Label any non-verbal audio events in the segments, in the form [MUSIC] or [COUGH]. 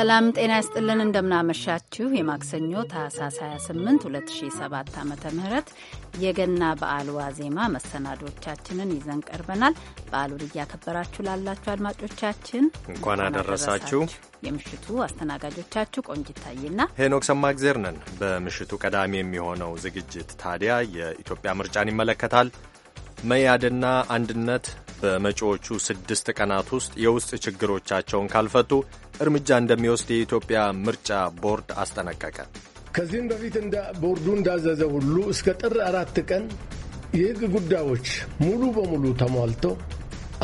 ሰላም ጤና ይስጥልን። እንደምናመሻችሁ የማክሰኞ ታህሳስ 28 2007 ዓ ም የገና በዓል ዋዜማ መሰናዶቻችንን ይዘን ቀርበናል። በዓሉን እያከበራችሁ ላላችሁ አድማጮቻችን እንኳን አደረሳችሁ። የምሽቱ አስተናጋጆቻችሁ ቆንጂታይና ሄኖክ ሰማግዜር ነን። በምሽቱ ቀዳሚ የሚሆነው ዝግጅት ታዲያ የኢትዮጵያ ምርጫን ይመለከታል። መያድና አንድነት በመጪዎቹ ስድስት ቀናት ውስጥ የውስጥ ችግሮቻቸውን ካልፈቱ እርምጃ እንደሚወስድ የኢትዮጵያ ምርጫ ቦርድ አስጠነቀቀ። ከዚህም በፊት ቦርዱ እንዳዘዘ ሁሉ እስከ ጥር አራት ቀን የሕግ ጉዳዮች ሙሉ በሙሉ ተሟልተው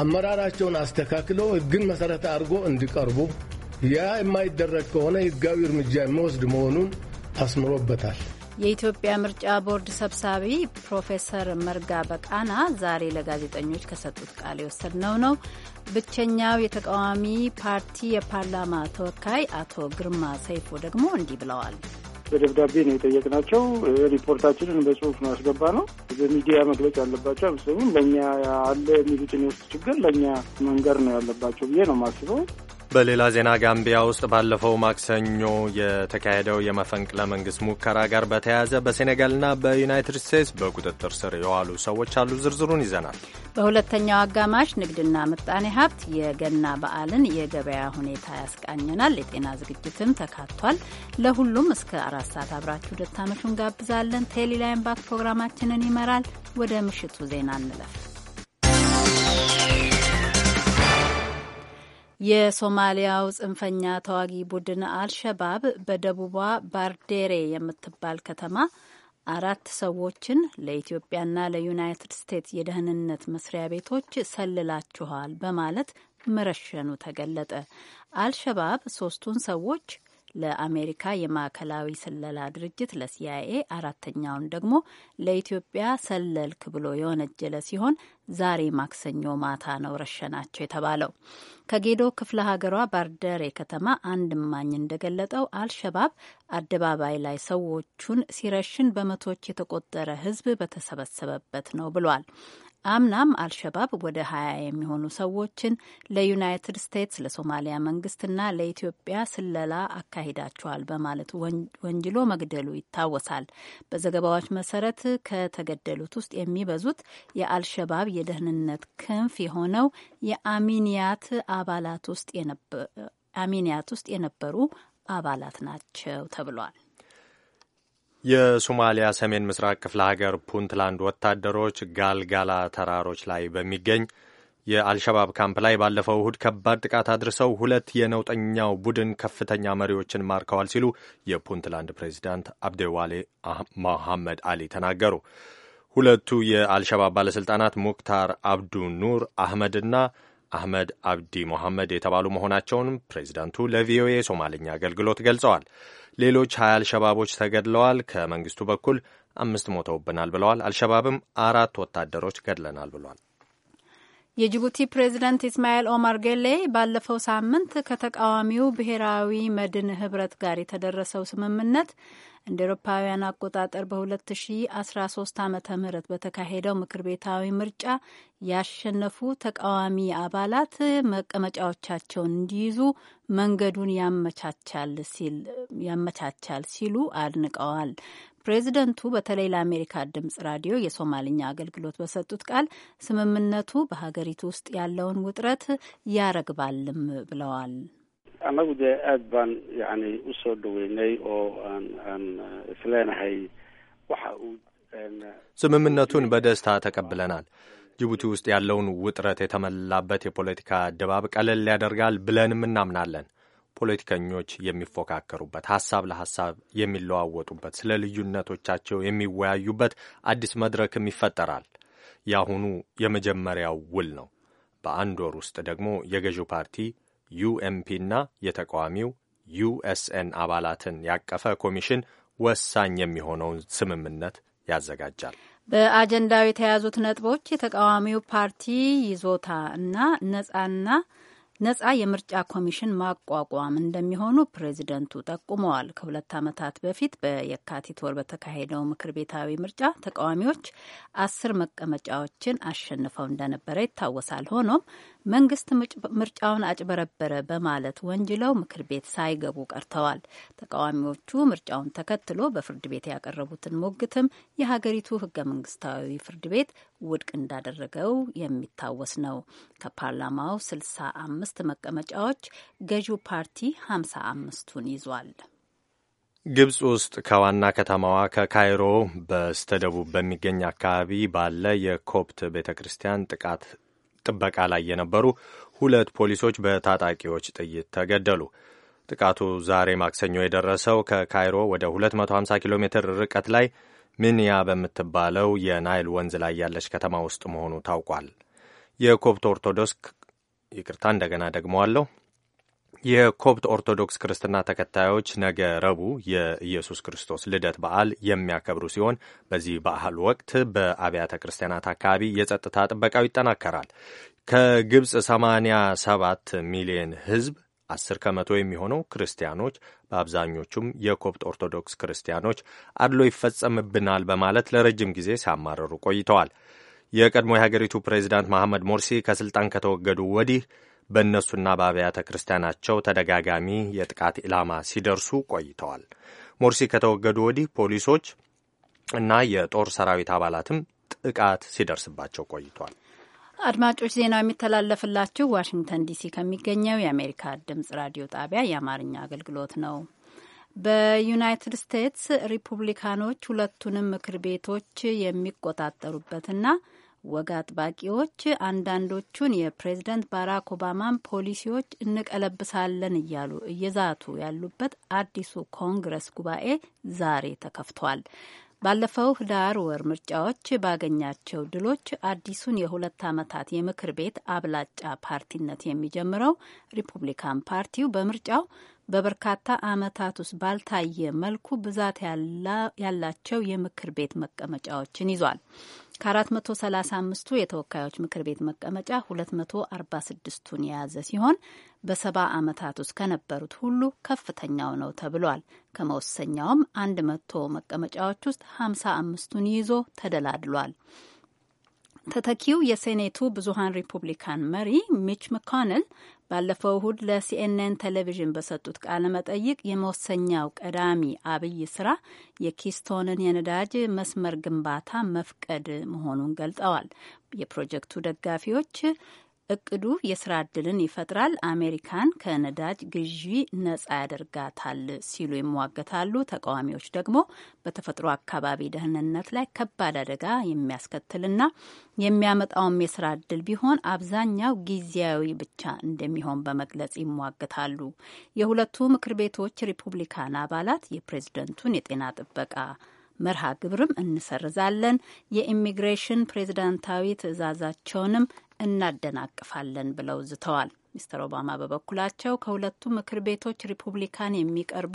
አመራራቸውን አስተካክለው ሕግን መሠረት አድርጎ እንዲቀርቡ ያ የማይደረግ ከሆነ ሕጋዊ እርምጃ የሚወስድ መሆኑን አስምሮበታል። የኢትዮጵያ ምርጫ ቦርድ ሰብሳቢ ፕሮፌሰር መርጋ በቃና ዛሬ ለጋዜጠኞች ከሰጡት ቃል የወሰድነው ነው። ብቸኛው የተቃዋሚ ፓርቲ የፓርላማ ተወካይ አቶ ግርማ ሰይፎ ደግሞ እንዲህ ብለዋል። በደብዳቤ ነው የጠየቅናቸው። ሪፖርታችንን በጽሁፍ ነው ያስገባ ነው። በሚዲያ መግለጽ ያለባቸው አይመስለኝም። ለእኛ አለ የሚሉትን የውስጥ ችግር ለእኛ መንገር ነው ያለባቸው ብዬ ነው የማስበው። በሌላ ዜና ጋምቢያ ውስጥ ባለፈው ማክሰኞ የተካሄደው የመፈንቅለ መንግስት ሙከራ ጋር በተያያዘ በሴኔጋልና በዩናይትድ ስቴትስ በቁጥጥር ስር የዋሉ ሰዎች አሉ። ዝርዝሩን ይዘናል። በሁለተኛው አጋማሽ ንግድና ምጣኔ ሀብት፣ የገና በዓልን የገበያ ሁኔታ ያስቃኘናል። የጤና ዝግጅትም ተካቷል። ለሁሉም እስከ አራት ሰዓት አብራችሁ ደታመሹን ጋብዛለን። ቴሌላይም ባክ ፕሮግራማችንን ይመራል። ወደ ምሽቱ ዜና እንለፍ። የሶማሊያው ጽንፈኛ ተዋጊ ቡድን አልሸባብ በደቡቧ ባርዴሬ የምትባል ከተማ አራት ሰዎችን ለኢትዮጵያና ለዩናይትድ ስቴትስ የደህንነት መስሪያ ቤቶች ሰልላችኋል በማለት መረሸኑ ተገለጠ። አልሸባብ ሶስቱን ሰዎች ለአሜሪካ የማዕከላዊ ስለላ ድርጅት ለሲአይኤ፣ አራተኛውን ደግሞ ለኢትዮጵያ ሰለልክ ብሎ የወነጀለ ሲሆን ዛሬ ማክሰኞ ማታ ነው ረሸናቸው የተባለው። ከጌዶ ክፍለ ሀገሯ ባርደሬ ከተማ አንድ እማኝ እንደገለጠው አልሸባብ አደባባይ ላይ ሰዎቹን ሲረሽን በመቶዎች የተቆጠረ ሕዝብ በተሰበሰበበት ነው ብሏል። አምናም አልሸባብ ወደ ሀያ የሚሆኑ ሰዎችን ለዩናይትድ ስቴትስ ለሶማሊያ መንግስትና ለኢትዮጵያ ስለላ አካሂዳቸዋል በማለት ወንጅሎ መግደሉ ይታወሳል። በዘገባዎች መሰረት ከተገደሉት ውስጥ የሚበዙት የአልሸባብ የደህንነት ክንፍ የሆነው የአሚኒያት አባላት ውስጥ አሚኒያት ውስጥ የነበሩ አባላት ናቸው ተብሏል። የሶማሊያ ሰሜን ምስራቅ ክፍለ ሀገር ፑንትላንድ ወታደሮች ጋልጋላ ተራሮች ላይ በሚገኝ የአልሸባብ ካምፕ ላይ ባለፈው እሁድ ከባድ ጥቃት አድርሰው ሁለት የነውጠኛው ቡድን ከፍተኛ መሪዎችን ማርከዋል ሲሉ የፑንትላንድ ፕሬዚዳንት አብዴዋሌ መሐመድ አሊ ተናገሩ። ሁለቱ የአልሸባብ ባለሥልጣናት ሙክታር አብዱ ኑር አህመድና አህመድ አብዲ ሞሐመድ የተባሉ መሆናቸውን ፕሬዚዳንቱ ለቪኦኤ ሶማልኛ አገልግሎት ገልጸዋል። ሌሎች ሀያ አልሸባቦች ተገድለዋል፣ ከመንግስቱ በኩል አምስት ሞተውብናል ብለዋል። አልሸባብም አራት ወታደሮች ገድለናል ብሏል። የጅቡቲ ፕሬዝደንት ኢስማኤል ኦማር ጌሌ ባለፈው ሳምንት ከተቃዋሚው ብሔራዊ መድን ህብረት ጋር የተደረሰው ስምምነት እንደ ኤሮፓውያን አቆጣጠር በ2013 ዓ ም በተካሄደው ምክር ቤታዊ ምርጫ ያሸነፉ ተቃዋሚ አባላት መቀመጫዎቻቸውን እንዲይዙ መንገዱን ያመቻቻል ሲሉ አድንቀዋል። ፕሬዚደንቱ በተለይ ለአሜሪካ ድምጽ ራዲዮ የሶማልኛ አገልግሎት በሰጡት ቃል ስምምነቱ በሀገሪቱ ውስጥ ያለውን ውጥረት ያረግባልም ብለዋል። አነጉ dee aad baan yani usoo ስምምነቱን በደስታ ተቀብለናል። ጅቡቲ ውስጥ ያለውን ውጥረት የተሞላበት የፖለቲካ ድባብ ቀለል ያደርጋል ብለንም እናምናለን። ፖለቲከኞች የሚፎካከሩበት፣ ሀሳብ ለሀሳብ የሚለዋወጡበት፣ ስለ ልዩነቶቻቸው የሚወያዩበት አዲስ መድረክም ይፈጠራል። የአሁኑ የመጀመሪያው ውል ነው። በአንድ ወር ውስጥ ደግሞ የገዢው ፓርቲ ዩኤምፒና የተቃዋሚው ዩኤስኤን አባላትን ያቀፈ ኮሚሽን ወሳኝ የሚሆነውን ስምምነት ያዘጋጃል። በአጀንዳው የተያዙት ነጥቦች የተቃዋሚው ፓርቲ ይዞታ እና ነጻና ነጻ የምርጫ ኮሚሽን ማቋቋም እንደሚሆኑ ፕሬዚደንቱ ጠቁመዋል። ከሁለት ዓመታት በፊት በየካቲት ወር በተካሄደው ምክር ቤታዊ ምርጫ ተቃዋሚዎች አስር መቀመጫዎችን አሸንፈው እንደነበረ ይታወሳል። ሆኖም መንግስት ምርጫውን አጭበረበረ በማለት ወንጅለው ምክር ቤት ሳይገቡ ቀርተዋል። ተቃዋሚዎቹ ምርጫውን ተከትሎ በፍርድ ቤት ያቀረቡትን ሞግትም የሀገሪቱ ህገ መንግስታዊ ፍርድ ቤት ውድቅ እንዳደረገው የሚታወስ ነው። ከፓርላማው ስልሳ አምስት መቀመጫዎች ገዢው ፓርቲ ሀምሳ አምስቱን ይዟል። ግብፅ ውስጥ ከዋና ከተማዋ ከካይሮ በስተደቡብ በሚገኝ አካባቢ ባለ የኮፕት ቤተ ክርስቲያን ጥቃት ጥበቃ ላይ የነበሩ ሁለት ፖሊሶች በታጣቂዎች ጥይት ተገደሉ። ጥቃቱ ዛሬ ማክሰኞ የደረሰው ከካይሮ ወደ 250 ኪሎ ሜትር ርቀት ላይ ምንያ በምትባለው የናይል ወንዝ ላይ ያለች ከተማ ውስጥ መሆኑ ታውቋል። የኮፕት ኦርቶዶክስ ይቅርታ እንደገና ደግመዋለሁ። የኮብት ኦርቶዶክስ ክርስትና ተከታዮች ነገ ረቡዕ የኢየሱስ ክርስቶስ ልደት በዓል የሚያከብሩ ሲሆን በዚህ በዓል ወቅት በአብያተ ክርስቲያናት አካባቢ የጸጥታ ጥበቃው ይጠናከራል። ከግብፅ 87 ሚሊዮን ሕዝብ አስር ከመቶ የሚሆነው ክርስቲያኖች በአብዛኞቹም የኮፕት ኦርቶዶክስ ክርስቲያኖች አድሎ ይፈጸምብናል በማለት ለረጅም ጊዜ ሲያማረሩ ቆይተዋል። የቀድሞ የሀገሪቱ ፕሬዚዳንት መሐመድ ሞርሲ ከስልጣን ከተወገዱ ወዲህ በእነሱና በአብያተ ክርስቲያናቸው ተደጋጋሚ የጥቃት ኢላማ ሲደርሱ ቆይተዋል። ሞርሲ ከተወገዱ ወዲህ ፖሊሶች እና የጦር ሰራዊት አባላትም ጥቃት ሲደርስባቸው ቆይቷል። አድማጮች ዜናው የሚተላለፍላችሁ ዋሽንግተን ዲሲ ከሚገኘው የአሜሪካ ድምጽ ራዲዮ ጣቢያ የአማርኛ አገልግሎት ነው። በዩናይትድ ስቴትስ ሪፑብሊካኖች ሁለቱንም ምክር ቤቶች የሚቆጣጠሩበትና ወግ አጥባቂዎች አንዳንዶቹን የፕሬዝደንት ባራክ ኦባማን ፖሊሲዎች እንቀለብሳለን እያሉ እየዛቱ ያሉበት አዲሱ ኮንግረስ ጉባኤ ዛሬ ተከፍቷል። ባለፈው ህዳር ወር ምርጫዎች ባገኛቸው ድሎች አዲሱን የሁለት ዓመታት የምክር ቤት አብላጫ ፓርቲነት የሚጀምረው ሪፑብሊካን ፓርቲው በምርጫው በበርካታ ዓመታት ውስጥ ባልታየ መልኩ ብዛት ያላቸው የምክር ቤት መቀመጫዎችን ይዟል። ከ435ቱ የተወካዮች ምክር ቤት መቀመጫ 246ቱን የያዘ ሲሆን በሰባ ዓመታት ውስጥ ከነበሩት ሁሉ ከፍተኛው ነው ተብሏል። ከመወሰኛውም 100 መቀመጫዎች ውስጥ 55ቱን ይዞ ተደላድሏል። ተተኪው የሴኔቱ ብዙሃን ሪፑብሊካን መሪ ሚች መኮንል ባለፈው እሁድ ለሲኤንኤን ቴሌቪዥን በሰጡት ቃለ መጠይቅ የመወሰኛው ቀዳሚ አብይ ስራ የኪስቶንን የነዳጅ መስመር ግንባታ መፍቀድ መሆኑን ገልጠዋል። የፕሮጀክቱ ደጋፊዎች እቅዱ የስራ እድልን ይፈጥራል፣ አሜሪካን ከነዳጅ ግዢ ነጻ ያደርጋታል ሲሉ ይሟገታሉ። ተቃዋሚዎች ደግሞ በተፈጥሮ አካባቢ ደህንነት ላይ ከባድ አደጋ የሚያስከትልና የሚያመጣውም የስራ እድል ቢሆን አብዛኛው ጊዜያዊ ብቻ እንደሚሆን በመግለጽ ይሟገታሉ። የሁለቱ ምክር ቤቶች ሪፑብሊካን አባላት የፕሬዝደንቱን የጤና ጥበቃ መርሃ ግብርም እንሰርዛለን፣ የኢሚግሬሽን ፕሬዝዳንታዊ ትዕዛዛቸውንም እናደናቅፋለን ብለው ዝተዋል። ሚስተር ኦባማ በበኩላቸው ከሁለቱ ምክር ቤቶች ሪፑብሊካን የሚቀርቡ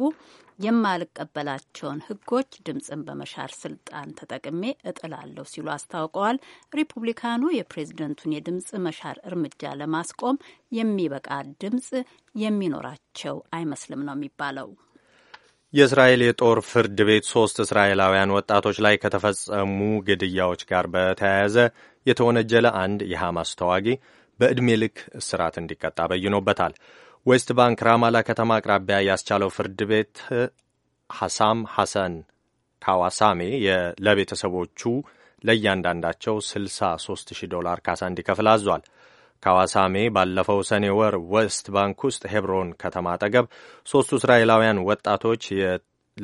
የማልቀበላቸውን ህጎች ድምፅን በመሻር ስልጣን ተጠቅሜ እጥላለሁ ሲሉ አስታውቀዋል። ሪፑብሊካኑ የፕሬዝደንቱን የድምፅ መሻር እርምጃ ለማስቆም የሚበቃ ድምፅ የሚኖራቸው አይመስልም ነው የሚባለው። የእስራኤል የጦር ፍርድ ቤት ሶስት እስራኤላውያን ወጣቶች ላይ ከተፈጸሙ ግድያዎች ጋር በተያያዘ የተወነጀለ አንድ የሐማስ ተዋጊ በዕድሜ ልክ እስራት እንዲቀጣ በይኖበታል። ዌስት ባንክ ራማላ ከተማ አቅራቢያ ያስቻለው ፍርድ ቤት ሐሳም ሐሰን ካዋሳሜ ለቤተሰቦቹ ለእያንዳንዳቸው 63 ሺህ ዶላር ካሳ እንዲከፍል አዟል። ካዋሳሜ ባለፈው ሰኔ ወር ዌስት ባንክ ውስጥ ሄብሮን ከተማ አጠገብ ሦስቱ እስራኤላውያን ወጣቶች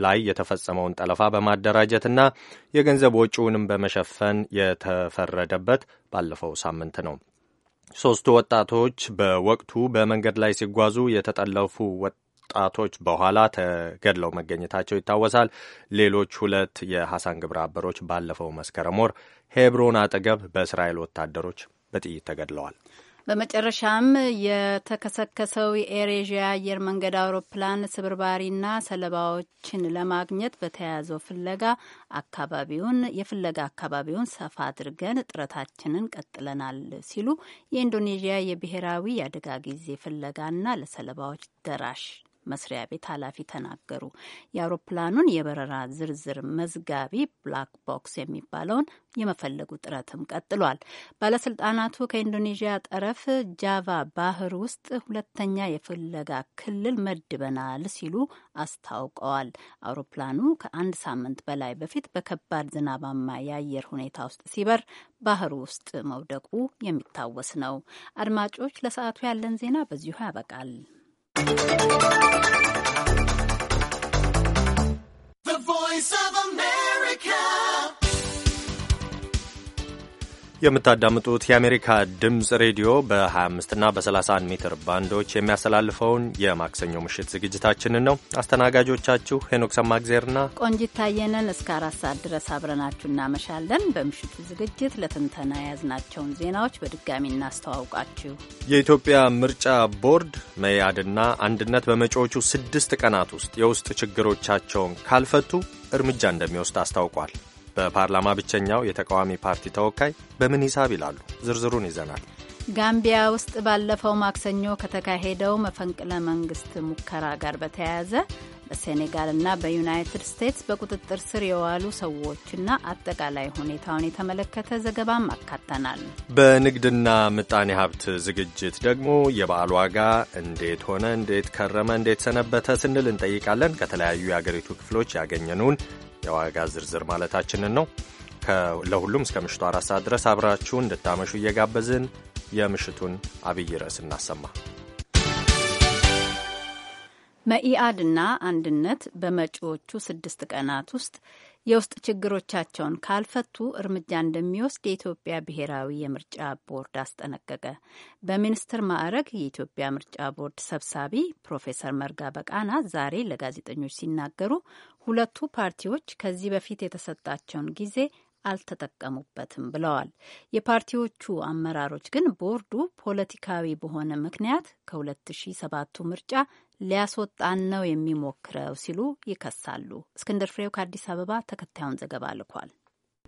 ላይ የተፈጸመውን ጠለፋ በማደራጀትና የገንዘብ ወጪውንም በመሸፈን የተፈረደበት ባለፈው ሳምንት ነው። ሦስቱ ወጣቶች በወቅቱ በመንገድ ላይ ሲጓዙ የተጠለፉ ወጣቶች በኋላ ተገድለው መገኘታቸው ይታወሳል። ሌሎች ሁለት የሐሳን ግብረ አበሮች ባለፈው መስከረም ወር ሄብሮን አጠገብ በእስራኤል ወታደሮች በጥይት ተገድለዋል። በመጨረሻም የተከሰከሰው የኤሬዥያ አየር መንገድ አውሮፕላን ስብርባሪና ሰለባዎችን ለማግኘት በተያያዘው ፍለጋ አካባቢውን የፍለጋ አካባቢውን ሰፋ አድርገን ጥረታችንን ቀጥለናል ሲሉ የኢንዶኔዥያ የብሔራዊ የአደጋ ጊዜ ፍለጋና ለሰለባዎች ደራሽ መስሪያ ቤት ኃላፊ ተናገሩ። የአውሮፕላኑን የበረራ ዝርዝር መዝጋቢ ብላክ ቦክስ የሚባለውን የመፈለጉ ጥረትም ቀጥሏል። ባለስልጣናቱ ከኢንዶኔዥያ ጠረፍ ጃቫ ባህር ውስጥ ሁለተኛ የፍለጋ ክልል መድበናል ሲሉ አስታውቀዋል። አውሮፕላኑ ከአንድ ሳምንት በላይ በፊት በከባድ ዝናባማ የአየር ሁኔታ ውስጥ ሲበር ባህር ውስጥ መውደቁ የሚታወስ ነው። አድማጮች፣ ለሰዓቱ ያለን ዜና በዚሁ ያበቃል። The voice of a man. የምታዳምጡት የአሜሪካ ድምፅ ሬዲዮ በ25 እና በ31 ሜትር ባንዶች የሚያስተላልፈውን የማክሰኞ ምሽት ዝግጅታችንን ነው። አስተናጋጆቻችሁ ሄኖክ ሰማግዜርና ቆንጂት ታየነን እስከ አራት ሰዓት ድረስ አብረናችሁ እናመሻለን። በምሽቱ ዝግጅት ለትንተና የያዝናቸውን ዜናዎች በድጋሚ እናስተዋውቃችሁ። የኢትዮጵያ ምርጫ ቦርድ መያድና አንድነት በመጪዎቹ ስድስት ቀናት ውስጥ የውስጥ ችግሮቻቸውን ካልፈቱ እርምጃ እንደሚወስድ አስታውቋል። በፓርላማ ብቸኛው የተቃዋሚ ፓርቲ ተወካይ በምን ሂሳብ ይላሉ። ዝርዝሩን ይዘናል። ጋምቢያ ውስጥ ባለፈው ማክሰኞ ከተካሄደው መፈንቅለ መንግስት ሙከራ ጋር በተያያዘ በሴኔጋልና በዩናይትድ ስቴትስ በቁጥጥር ስር የዋሉ ሰዎችና አጠቃላይ ሁኔታውን የተመለከተ ዘገባም አካተናል። በንግድና ምጣኔ ሀብት ዝግጅት ደግሞ የበዓል ዋጋ እንዴት ሆነ፣ እንዴት ከረመ፣ እንዴት ሰነበተ ስንል እንጠይቃለን። ከተለያዩ የአገሪቱ ክፍሎች ያገኘነውን የዋጋ ዝርዝር ማለታችንን ነው። ለሁሉም እስከ ምሽቱ አራት ሰዓት ድረስ አብራችሁን እንድታመሹ እየጋበዝን የምሽቱን አብይ ርዕስ እናሰማ። መኢአድና አንድነት በመጪዎቹ ስድስት ቀናት ውስጥ የውስጥ ችግሮቻቸውን ካልፈቱ እርምጃ እንደሚወስድ የኢትዮጵያ ብሔራዊ የምርጫ ቦርድ አስጠነቀቀ። በሚኒስትር ማዕረግ የኢትዮጵያ ምርጫ ቦርድ ሰብሳቢ ፕሮፌሰር መርጋ በቃና ዛሬ ለጋዜጠኞች ሲናገሩ ሁለቱ ፓርቲዎች ከዚህ በፊት የተሰጣቸውን ጊዜ አልተጠቀሙበትም ብለዋል። የፓርቲዎቹ አመራሮች ግን ቦርዱ ፖለቲካዊ በሆነ ምክንያት ከ2007ቱ ምርጫ ሊያስወጣን ነው የሚሞክረው ሲሉ ይከሳሉ። እስክንድር ፍሬው ከአዲስ አበባ ተከታዩን ዘገባ ልኳል።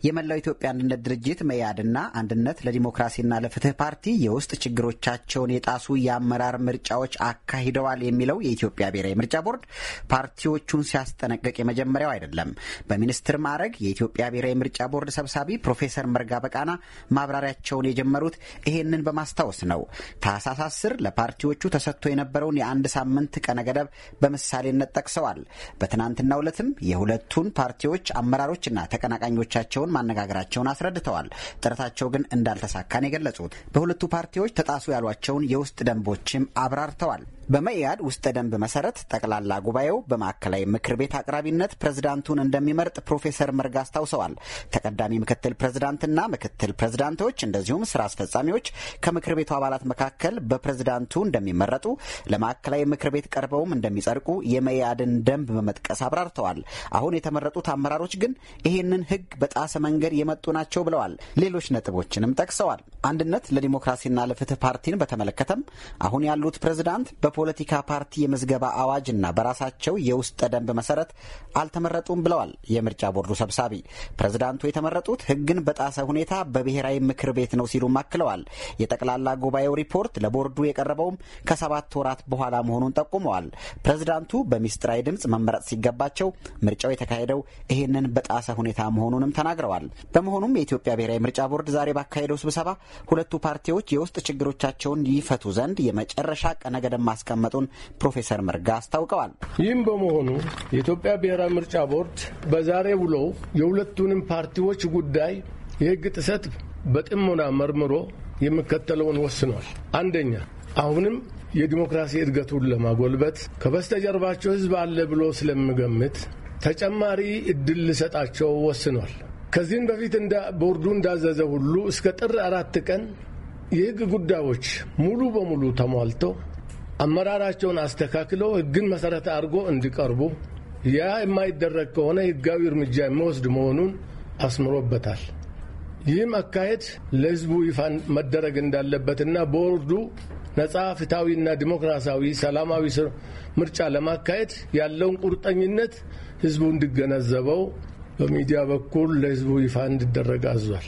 የመላው ኢትዮጵያ አንድነት ድርጅት መያድና አንድነት ለዲሞክራሲና ለፍትህ ፓርቲ የውስጥ ችግሮቻቸውን የጣሱ የአመራር ምርጫዎች አካሂደዋል የሚለው የኢትዮጵያ ብሔራዊ ምርጫ ቦርድ ፓርቲዎቹን ሲያስጠነቅቅ የመጀመሪያው አይደለም። በሚኒስትር ማዕረግ የኢትዮጵያ ብሔራዊ ምርጫ ቦርድ ሰብሳቢ ፕሮፌሰር መርጋ በቃና ማብራሪያቸውን የጀመሩት ይሄንን በማስታወስ ነው። ታህሳስ አስር ለፓርቲዎቹ ተሰጥቶ የነበረውን የአንድ ሳምንት ቀነ ገደብ በምሳሌነት ጠቅሰዋል። በትናንትናው ዕለትም የሁለቱን ፓርቲዎች አመራሮችና ተቀናቃኞቻቸውን ያላቸውን ማነጋገራቸውን አስረድተዋል። ጥረታቸው ግን እንዳልተሳካን የገለጹት በሁለቱ ፓርቲዎች ተጣሱ ያሏቸውን የውስጥ ደንቦችም አብራርተዋል። በመኢአድ ውስጠ ደንብ መሰረት ጠቅላላ ጉባኤው በማዕከላዊ ምክር ቤት አቅራቢነት ፕሬዝዳንቱን እንደሚመርጥ ፕሮፌሰር መርጋ አስታውሰዋል። ተቀዳሚ ምክትል ፕሬዝዳንትና ምክትል ፕሬዝዳንቶች እንደዚሁም ስራ አስፈጻሚዎች ከምክር ቤቱ አባላት መካከል በፕሬዝዳንቱ እንደሚመረጡ፣ ለማዕከላዊ ምክር ቤት ቀርበውም እንደሚጸድቁ የመኢአድን ደንብ በመጥቀስ አብራርተዋል። አሁን የተመረጡት አመራሮች ግን ይህንን ህግ በጣሰ መንገድ የመጡ ናቸው ብለዋል። ሌሎች ነጥቦችንም ጠቅሰዋል። አንድነት ለዲሞክራሲና ለፍትህ ፓርቲን በተመለከተም አሁን ያሉት ፕሬዝዳንት በ የፖለቲካ ፓርቲ የምዝገባ አዋጅና በራሳቸው የውስጥ ደንብ መሰረት አልተመረጡም ብለዋል የምርጫ ቦርዱ ሰብሳቢ። ፕሬዝዳንቱ የተመረጡት ሕግን በጣሰ ሁኔታ በብሔራዊ ምክር ቤት ነው ሲሉም አክለዋል። የጠቅላላ ጉባኤው ሪፖርት ለቦርዱ የቀረበውም ከሰባት ወራት በኋላ መሆኑን ጠቁመዋል። ፕሬዝዳንቱ በሚስጥራዊ ድምፅ መመረጥ ሲገባቸው ምርጫው የተካሄደው ይህንን በጣሰ ሁኔታ መሆኑንም ተናግረዋል። በመሆኑም የኢትዮጵያ ብሔራዊ ምርጫ ቦርድ ዛሬ ባካሄደው ስብሰባ ሁለቱ ፓርቲዎች የውስጥ ችግሮቻቸውን ይፈቱ ዘንድ የመጨረሻ ቀነ ገደብ ማስቀ ማስቀመጡን ፕሮፌሰር መርጋ አስታውቀዋል። ይህም በመሆኑ የኢትዮጵያ ብሔራዊ ምርጫ ቦርድ በዛሬ ውሎ የሁለቱንም ፓርቲዎች ጉዳይ የህግ ጥሰት በጥሞና መርምሮ የሚከተለውን ወስኗል። አንደኛ አሁንም የዲሞክራሲ እድገቱን ለማጎልበት ከበስተጀርባቸው ህዝብ አለ ብሎ ስለምገምት ተጨማሪ እድል ልሰጣቸው ወስኗል። ከዚህም በፊት ቦርዱ እንዳዘዘ ሁሉ እስከ ጥር አራት ቀን የህግ ጉዳዮች ሙሉ በሙሉ ተሟልተው አመራራቸውን አስተካክለው ህግን መሰረት አድርጎ እንዲቀርቡ ያ የማይደረግ ከሆነ ህጋዊ እርምጃ የሚወስድ መሆኑን አስምሮበታል። ይህም አካሄድ ለህዝቡ ይፋ መደረግ እንዳለበትና ቦርዱ ነጻ ፍትሐዊና ዲሞክራሲያዊ ሰላማዊ ምርጫ ለማካሄድ ያለውን ቁርጠኝነት ህዝቡ እንዲገነዘበው በሚዲያ በኩል ለህዝቡ ይፋ እንዲደረግ አዟል።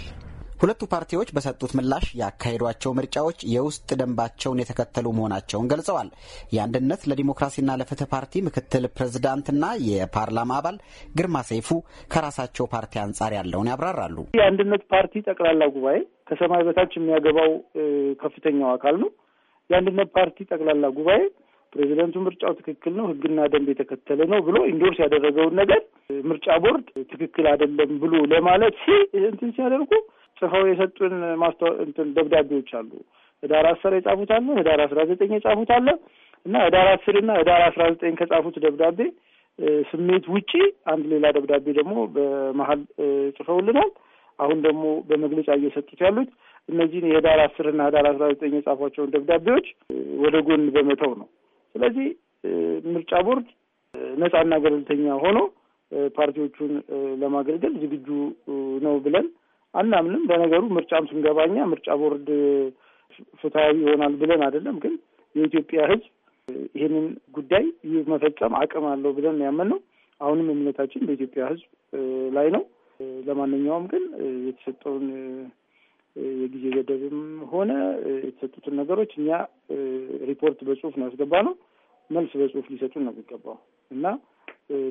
ሁለቱ ፓርቲዎች በሰጡት ምላሽ ያካሄዷቸው ምርጫዎች የውስጥ ደንባቸውን የተከተሉ መሆናቸውን ገልጸዋል። የአንድነት ለዲሞክራሲና ለፍትህ ፓርቲ ምክትል ፕሬዝዳንትና የፓርላማ አባል ግርማ ሰይፉ ከራሳቸው ፓርቲ አንጻር ያለውን ያብራራሉ። የአንድነት ፓርቲ ጠቅላላ ጉባኤ ከሰማይ በታች የሚያገባው ከፍተኛው አካል ነው። የአንድነት ፓርቲ ጠቅላላ ጉባኤ ፕሬዚደንቱ ምርጫው ትክክል ነው፣ ህግና ደንብ የተከተለ ነው ብሎ ኢንዶርስ ያደረገውን ነገር ምርጫ ቦርድ ትክክል አይደለም ብሎ ለማለት እንትን ሲያደርጉ ጽፈው የሰጡን ማስታ እንትን ደብዳቤዎች አሉ። ህዳር አስር የጻፉት አለ፣ ህዳር አስራ ዘጠኝ የጻፉት አለ እና ህዳር አስር እና ህዳር አስራ ዘጠኝ ከጻፉት ደብዳቤ ስሜት ውጪ አንድ ሌላ ደብዳቤ ደግሞ በመሀል ጽፈውልናል። አሁን ደግሞ በመግለጫ እየሰጡት ያሉት እነዚህን የህዳር አስር አስርና ህዳር አስራ ዘጠኝ የጻፏቸውን ደብዳቤዎች ወደ ጎን በመተው ነው። ስለዚህ ምርጫ ቦርድ ነጻና ገለልተኛ ሆኖ ፓርቲዎቹን ለማገልገል ዝግጁ ነው ብለን አናምንም። በነገሩ ምርጫም ስንገባኛ ምርጫ ቦርድ ፍትሐዊ ይሆናል ብለን አይደለም፣ ግን የኢትዮጵያ ሕዝብ ይህንን ጉዳይ ይህ መፈጸም አቅም አለው ብለን ያመን ነው። አሁንም እምነታችን በኢትዮጵያ ሕዝብ ላይ ነው። ለማንኛውም ግን የተሰጠውን የጊዜ ገደብም ሆነ የተሰጡትን ነገሮች እኛ ሪፖርት በጽሁፍ ነው ያስገባ ነው። መልስ በጽሁፍ ሊሰጡን ነው የሚገባው እና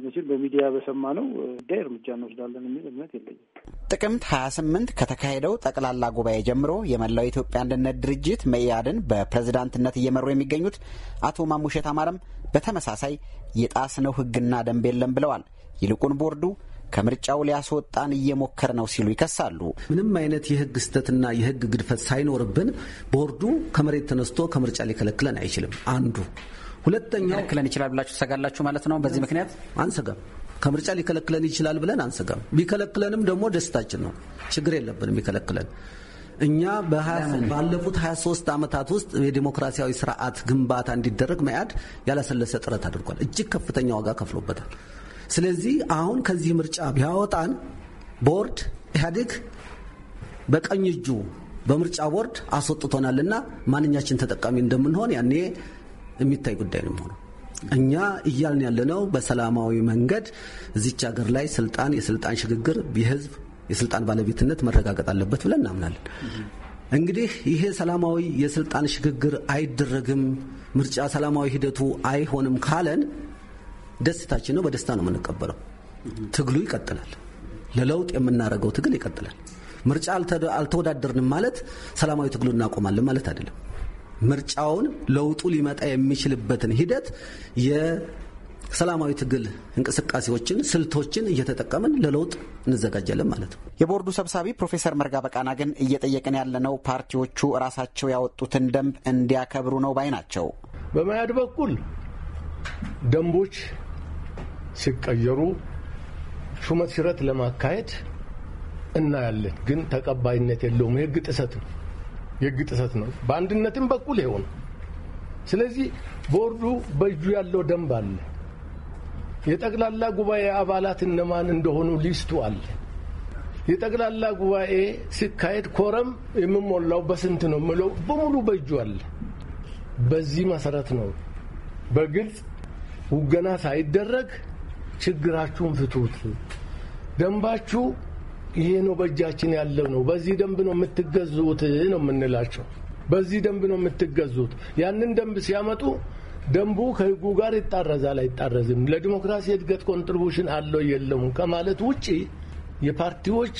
ምስል በሚዲያ በሰማ ነው ጉዳይ እርምጃ እንወስዳለን የሚል እምነት የለኝም። ጥቅምት ሀያ ስምንት ከተካሄደው ጠቅላላ ጉባኤ ጀምሮ የመላው የኢትዮጵያ አንድነት ድርጅት መኢአድን በፕሬዝዳንትነት እየመሩ የሚገኙት አቶ ማሙሸት አማረም በተመሳሳይ የጣስነው ሕግና ደንብ የለም ብለዋል። ይልቁን ቦርዱ ከምርጫው ሊያስወጣን እየሞከረ ነው ሲሉ ይከሳሉ። ምንም አይነት የህግ ስህተትና የህግ ግድፈት ሳይኖርብን ቦርዱ ከመሬት ተነስቶ ከምርጫ ሊከለክለን አይችልም። አንዱ ሁለተኛው ሊከለክለን ይችላል ብላችሁ ትሰጋላችሁ ማለት ነው። በዚህ ምክንያት አንሰጋም። ከምርጫ ሊከለክለን ይችላል ብለን አንሰጋም። ቢከለክለንም ደግሞ ደስታችን ነው። ችግር የለብንም ቢከለክለን እኛ ባለፉት 23 ዓመታት ውስጥ የዲሞክራሲያዊ ስርዓት ግንባታ እንዲደረግ መያድ ያላሰለሰ ጥረት አድርጓል። እጅግ ከፍተኛ ዋጋ ከፍሎበታል። ስለዚህ አሁን ከዚህ ምርጫ ቢያወጣን ቦርድ ኢህአዴግ በቀኝ እጁ በምርጫ ቦርድ አስወጥቶናልና ማንኛችን ተጠቃሚ እንደምንሆን ያኔ የሚታይ ጉዳይ ነው የሚሆነው። እኛ እያልን ያለነው በሰላማዊ መንገድ እዚች ሀገር ላይ ስልጣን የስልጣን ሽግግር የህዝብ የስልጣን ባለቤትነት መረጋገጥ አለበት ብለን እናምናለን። እንግዲህ ይሄ ሰላማዊ የስልጣን ሽግግር አይደረግም፣ ምርጫ ሰላማዊ ሂደቱ አይሆንም ካለን ደስታችን ነው፣ በደስታ ነው የምንቀበለው። ትግሉ ይቀጥላል። ለለውጥ የምናደርገው ትግል ይቀጥላል። ምርጫ አልተወዳደርንም ማለት ሰላማዊ ትግሉ እናቆማለን ማለት አይደለም። ምርጫውን ለውጡ ሊመጣ የሚችልበትን ሂደት የሰላማዊ ትግል እንቅስቃሴዎችን፣ ስልቶችን እየተጠቀምን ለለውጥ እንዘጋጃለን ማለት ነው። የቦርዱ ሰብሳቢ ፕሮፌሰር መርጋ በቃና ግን እየጠየቅን ያለነው ፓርቲዎቹ ራሳቸው ያወጡትን ደንብ እንዲያከብሩ ነው ባይ ናቸው። በመያድ በኩል ደንቦች ሲቀየሩ ሹመት ሽረት ለማካሄድ እናያለን፣ ግን ተቀባይነት የለውም። የህግ ጥሰት ነው። የህግ ጥሰት ነው። በአንድነትም በኩል ይሆን። ስለዚህ ቦርዱ በእጁ ያለው ደንብ አለ። የጠቅላላ ጉባኤ አባላት እነማን እንደሆኑ ሊስቱ አለ። የጠቅላላ ጉባኤ ሲካሄድ ኮረም የምሞላው በስንት ነው የምለው በሙሉ በእጁ አለ። በዚህ መሰረት ነው በግልጽ ውገና ሳይደረግ ችግራችሁን ፍቱት፣ ደንባችሁ ይሄ ነው በእጃችን ያለው ነው፣ በዚህ ደንብ ነው የምትገዙት ነው የምንላቸው። በዚህ ደንብ ነው የምትገዙት። ያንን ደንብ ሲያመጡ ደንቡ ከህጉ ጋር ይጣረዛል አይጣረዝም፣ ለዲሞክራሲ እድገት ኮንትሪቡሽን አለው የለም ከማለት ውጪ የፓርቲዎች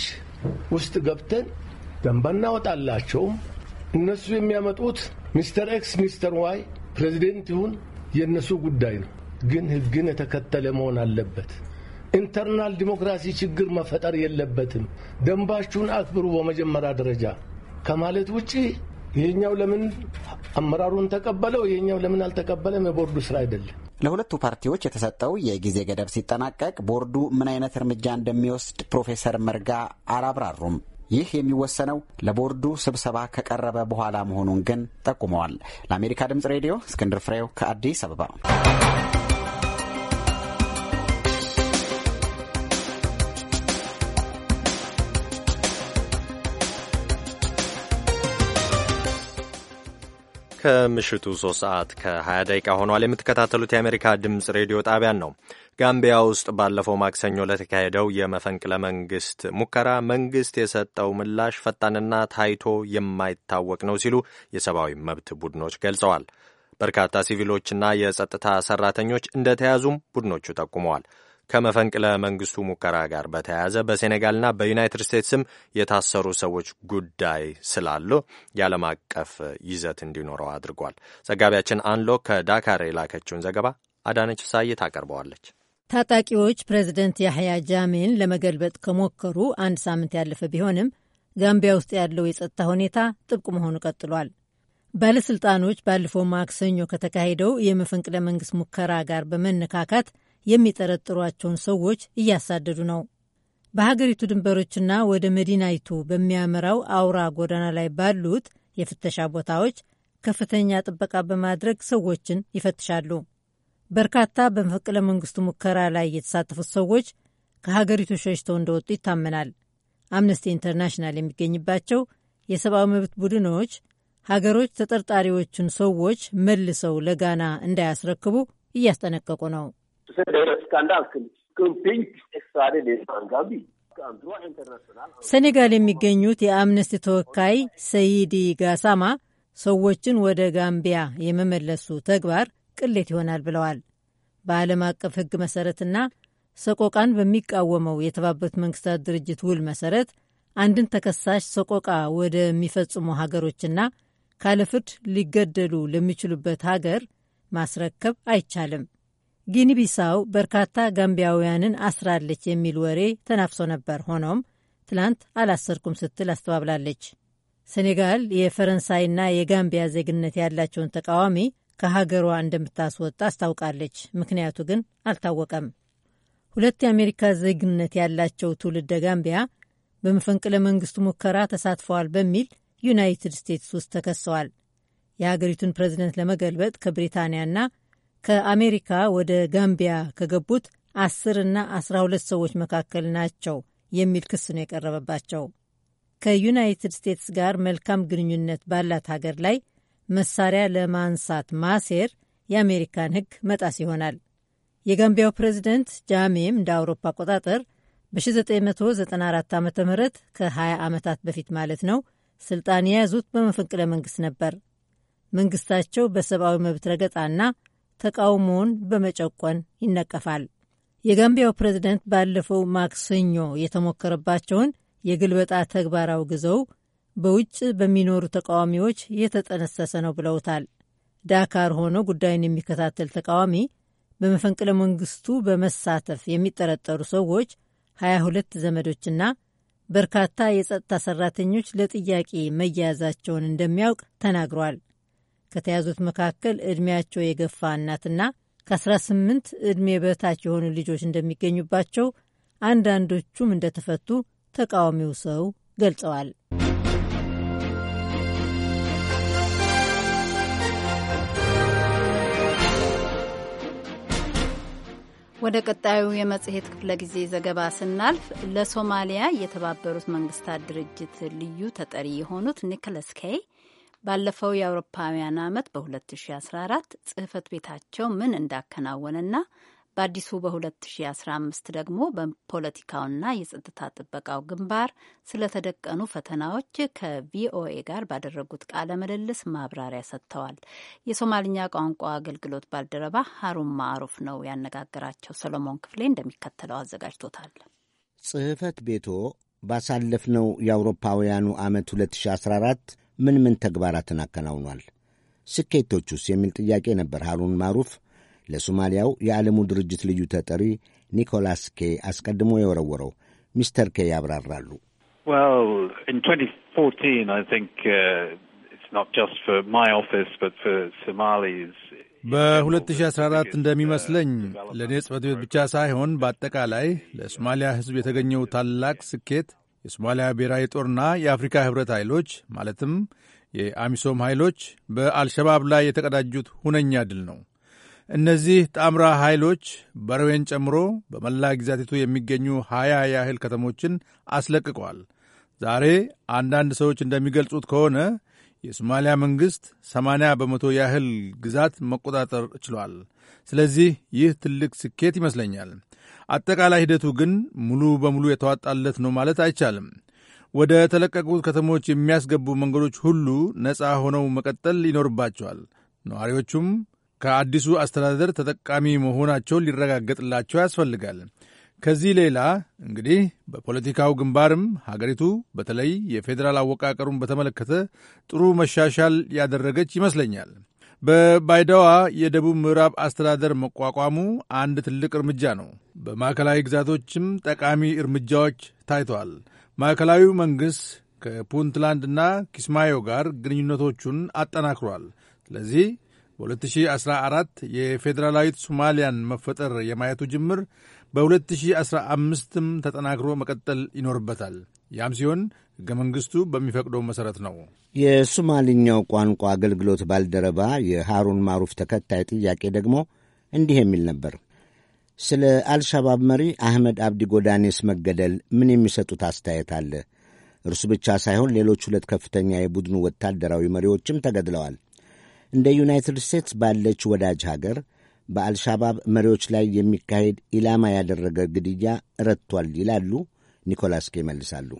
ውስጥ ገብተን ደንብ እናወጣላቸውም። እነሱ የሚያመጡት ሚስተር ኤክስ ሚስተር ዋይ ፕሬዚደንት ይሁን የእነሱ ጉዳይ ነው፣ ግን ህግን የተከተለ መሆን አለበት። ኢንተርናል ዲሞክራሲ ችግር መፈጠር የለበትም። ደንባችሁን አክብሩ በመጀመሪያ ደረጃ ከማለት ውጪ የኛው ለምን አመራሩን ተቀበለው፣ የኛው ለምን አልተቀበለም የቦርዱ ስራ አይደለም። ለሁለቱ ፓርቲዎች የተሰጠው የጊዜ ገደብ ሲጠናቀቅ ቦርዱ ምን አይነት እርምጃ እንደሚወስድ ፕሮፌሰር መርጋ አላብራሩም። ይህ የሚወሰነው ለቦርዱ ስብሰባ ከቀረበ በኋላ መሆኑን ግን ጠቁመዋል። ለአሜሪካ ድምጽ ሬዲዮ እስክንድር ፍሬው ከአዲስ አበባ ከምሽቱ 3 ሰዓት ከ20 ደቂቃ ሆኗል። የምትከታተሉት የአሜሪካ ድምፅ ሬዲዮ ጣቢያን ነው። ጋምቢያ ውስጥ ባለፈው ማክሰኞ ለተካሄደው የመፈንቅለ መንግስት ሙከራ መንግስት የሰጠው ምላሽ ፈጣንና ታይቶ የማይታወቅ ነው ሲሉ የሰብአዊ መብት ቡድኖች ገልጸዋል። በርካታ ሲቪሎችና የጸጥታ ሰራተኞች እንደተያዙም ቡድኖቹ ጠቁመዋል። ከመፈንቅለ መንግስቱ ሙከራ ጋር በተያያዘ በሴኔጋልና በዩናይትድ ስቴትስም የታሰሩ ሰዎች ጉዳይ ስላሉ የዓለም አቀፍ ይዘት እንዲኖረው አድርጓል። ዘጋቢያችን አንሎ ከዳካር የላከችውን ዘገባ አዳነች ሳይ ታቀርበዋለች። ታጣቂዎች ፕሬዚደንት ያህያ ጃሜን ለመገልበጥ ከሞከሩ አንድ ሳምንት ያለፈ ቢሆንም ጋምቢያ ውስጥ ያለው የጸጥታ ሁኔታ ጥብቅ መሆኑ ቀጥሏል። ባለሥልጣኖች ባለፈው ማክሰኞ ከተካሄደው የመፈንቅለ መንግሥት ሙከራ ጋር በመነካካት የሚጠረጥሯቸውን ሰዎች እያሳደዱ ነው። በሀገሪቱ ድንበሮችና ወደ መዲናይቱ በሚያመራው አውራ ጎዳና ላይ ባሉት የፍተሻ ቦታዎች ከፍተኛ ጥበቃ በማድረግ ሰዎችን ይፈትሻሉ። በርካታ በመፈንቅለ መንግስቱ ሙከራ ላይ የተሳተፉት ሰዎች ከሀገሪቱ ሸሽተው እንደወጡ ይታመናል። አምነስቲ ኢንተርናሽናል የሚገኝባቸው የሰብአዊ መብት ቡድኖች ሀገሮች ተጠርጣሪዎቹን ሰዎች መልሰው ለጋና እንዳያስረክቡ እያስጠነቀቁ ነው። ሴኔጋል የሚገኙት የአምነስቲ ተወካይ ሰይዲ ጋሳማ ሰዎችን ወደ ጋምቢያ የመመለሱ ተግባር ቅሌት ይሆናል ብለዋል። በዓለም አቀፍ ሕግ መሰረትና ሰቆቃን በሚቃወመው የተባበሩት መንግስታት ድርጅት ውል መሰረት አንድን ተከሳሽ ሰቆቃ ወደሚፈጽሙ ሀገሮችና ካለፍርድ ሊገደሉ ለሚችሉበት ሀገር ማስረከብ አይቻልም። ጊኒ ቢሳው በርካታ ጋምቢያውያንን አስራለች የሚል ወሬ ተናፍሶ ነበር። ሆኖም ትላንት አላሰርኩም ስትል አስተባብላለች። ሴኔጋል የፈረንሳይና የጋምቢያ ዜግነት ያላቸውን ተቃዋሚ ከሀገሯ እንደምታስወጣ አስታውቃለች። ምክንያቱ ግን አልታወቀም። ሁለት የአሜሪካ ዜግነት ያላቸው ትውልደ ጋምቢያ በመፈንቅለ መንግስቱ ሙከራ ተሳትፈዋል በሚል ዩናይትድ ስቴትስ ውስጥ ተከሰዋል። የሀገሪቱን ፕሬዚደንት ለመገልበጥ ከብሪታንያና ከአሜሪካ ወደ ጋምቢያ ከገቡት አስርና አስራ ሁለት ሰዎች መካከል ናቸው የሚል ክስ ነው የቀረበባቸው። ከዩናይትድ ስቴትስ ጋር መልካም ግንኙነት ባላት ሀገር ላይ መሳሪያ ለማንሳት ማሴር የአሜሪካን ሕግ መጣስ ይሆናል። የጋምቢያው ፕሬዚደንት ጃሜም እንደ አውሮፓ አቆጣጠር በ1994 ዓ ም ከ20 ዓመታት በፊት ማለት ነው ስልጣን የያዙት በመፈንቅለ መንግሥት ነበር። መንግሥታቸው በሰብአዊ መብት ረገጣና ተቃውሞውን በመጨቆን ይነቀፋል። የጋምቢያው ፕሬዝደንት ባለፈው ማክሰኞ የተሞከረባቸውን የግልበጣ ተግባር አውግዘው በውጭ በሚኖሩ ተቃዋሚዎች የተጠነሰሰ ነው ብለውታል። ዳካር ሆኖ ጉዳዩን የሚከታተል ተቃዋሚ በመፈንቅለ መንግስቱ በመሳተፍ የሚጠረጠሩ ሰዎች 22 ዘመዶችና በርካታ የጸጥታ ሰራተኞች ለጥያቄ መያያዛቸውን እንደሚያውቅ ተናግሯል። ከተያዙት መካከል ዕድሜያቸው የገፋ እናትና ከ18 ዕድሜ በታች የሆኑ ልጆች እንደሚገኙባቸው፣ አንዳንዶቹም እንደተፈቱ ተቃዋሚው ሰው ገልጸዋል። ወደ ቀጣዩ የመጽሔት ክፍለ ጊዜ ዘገባ ስናልፍ ለሶማሊያ የተባበሩት መንግስታት ድርጅት ልዩ ተጠሪ የሆኑት ኒኮላስ ኬይ ባለፈው የአውሮፓውያን ዓመት በ2014 ጽህፈት ቤታቸው ምን እንዳከናወነና በአዲሱ በ2015 ደግሞ በፖለቲካውና የጸጥታ ጥበቃው ግንባር ስለተደቀኑ ፈተናዎች ከቪኦኤ ጋር ባደረጉት ቃለ ምልልስ ማብራሪያ ሰጥተዋል። የሶማልኛ ቋንቋ አገልግሎት ባልደረባ ሀሩን ማዕሩፍ ነው ያነጋገራቸው። ሰሎሞን ክፍሌ እንደሚከተለው አዘጋጅቶታል። ጽህፈት ቤቶ ባሳለፍነው የአውሮፓውያኑ ዓመት 2014 ምን ምን ተግባራትን አከናውኗል? ስኬቶቹስ? የሚል ጥያቄ ነበር ሃሩን ማሩፍ ለሶማሊያው የዓለሙ ድርጅት ልዩ ተጠሪ ኒኮላስ ኬ አስቀድሞ የወረወረው። ሚስተር ኬ ያብራራሉ። uh, በ2014 እንደሚመስለኝ ለእኔ ጽሕፈት ቤት ብቻ ሳይሆን በአጠቃላይ ለሶማሊያ ሕዝብ የተገኘው ታላቅ ስኬት የሶማሊያ ብሔራዊ ጦርና የአፍሪካ ህብረት ኃይሎች ማለትም የአሚሶም ኃይሎች በአልሸባብ ላይ የተቀዳጁት ሁነኛ ድል ነው። እነዚህ ጣምራ ኃይሎች በረዌን ጨምሮ በመላ ግዛቲቱ የሚገኙ ሀያ ያህል ከተሞችን አስለቅቀዋል። ዛሬ አንዳንድ ሰዎች እንደሚገልጹት ከሆነ የሶማሊያ መንግሥት 80 በመቶ ያህል ግዛት መቆጣጠር ችሏል። ስለዚህ ይህ ትልቅ ስኬት ይመስለኛል። አጠቃላይ ሂደቱ ግን ሙሉ በሙሉ የተዋጣለት ነው ማለት አይቻልም። ወደ ተለቀቁት ከተሞች የሚያስገቡ መንገዶች ሁሉ ነፃ ሆነው መቀጠል ይኖርባቸዋል። ነዋሪዎቹም ከአዲሱ አስተዳደር ተጠቃሚ መሆናቸው ሊረጋገጥላቸው ያስፈልጋል። ከዚህ ሌላ እንግዲህ በፖለቲካው ግንባርም ሀገሪቱ በተለይ የፌዴራል አወቃቀሩን በተመለከተ ጥሩ መሻሻል ያደረገች ይመስለኛል። በባይዳዋ የደቡብ ምዕራብ አስተዳደር መቋቋሙ አንድ ትልቅ እርምጃ ነው። በማዕከላዊ ግዛቶችም ጠቃሚ እርምጃዎች ታይተዋል። ማዕከላዊው መንግሥት ከፑንትላንድና ኪስማዮ ጋር ግንኙነቶቹን አጠናክሯል። ስለዚህ በ2014 የፌዴራላዊት ሶማሊያን መፈጠር የማየቱ ጅምር በ2015ም ተጠናክሮ መቀጠል ይኖርበታል። ያም ሲሆን ሕገ መንግሥቱ በሚፈቅደው መሠረት ነው። የሱማሊኛው ቋንቋ አገልግሎት ባልደረባ የሃሩን ማሩፍ ተከታይ ጥያቄ ደግሞ እንዲህ የሚል ነበር። ስለ አልሻባብ መሪ አህመድ አብዲ ጎዳኔስ መገደል ምን የሚሰጡት አስተያየት አለ? እርሱ ብቻ ሳይሆን ሌሎች ሁለት ከፍተኛ የቡድኑ ወታደራዊ መሪዎችም ተገድለዋል። እንደ ዩናይትድ ስቴትስ ባለች ወዳጅ ሀገር በአልሻባብ መሪዎች ላይ የሚካሄድ ኢላማ ያደረገ ግድያ ረድቷል ይላሉ። ኒኮላስ ኬ ይመልሳሉ።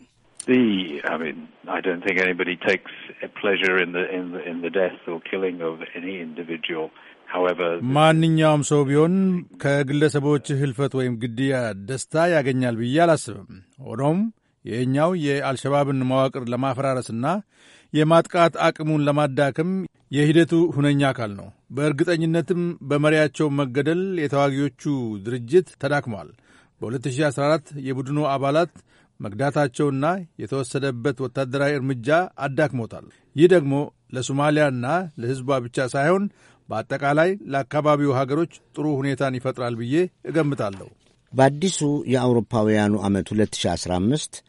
the I mean, I don't think anybody takes a pleasure in the in the, in the death or killing of any individual. ማንኛውም ሰው ቢሆን ከግለሰቦች ህልፈት ወይም ግድያ ደስታ ያገኛል ብዬ አላስብም። ሆኖም ይህኛው የአልሸባብን መዋቅር ለማፈራረስና የማጥቃት አቅሙን ለማዳከም የሂደቱ ሁነኛ አካል ነው። በእርግጠኝነትም በመሪያቸው መገደል የተዋጊዎቹ ድርጅት ተዳክሟል። በ2014 የቡድኑ አባላት መግዳታቸውና የተወሰደበት ወታደራዊ እርምጃ አዳክሞታል። ይህ ደግሞ ለሶማሊያና ለሕዝቧ ብቻ ሳይሆን በአጠቃላይ ለአካባቢው ሀገሮች ጥሩ ሁኔታን ይፈጥራል ብዬ እገምታለሁ። በአዲሱ የአውሮፓውያኑ ዓመት 2015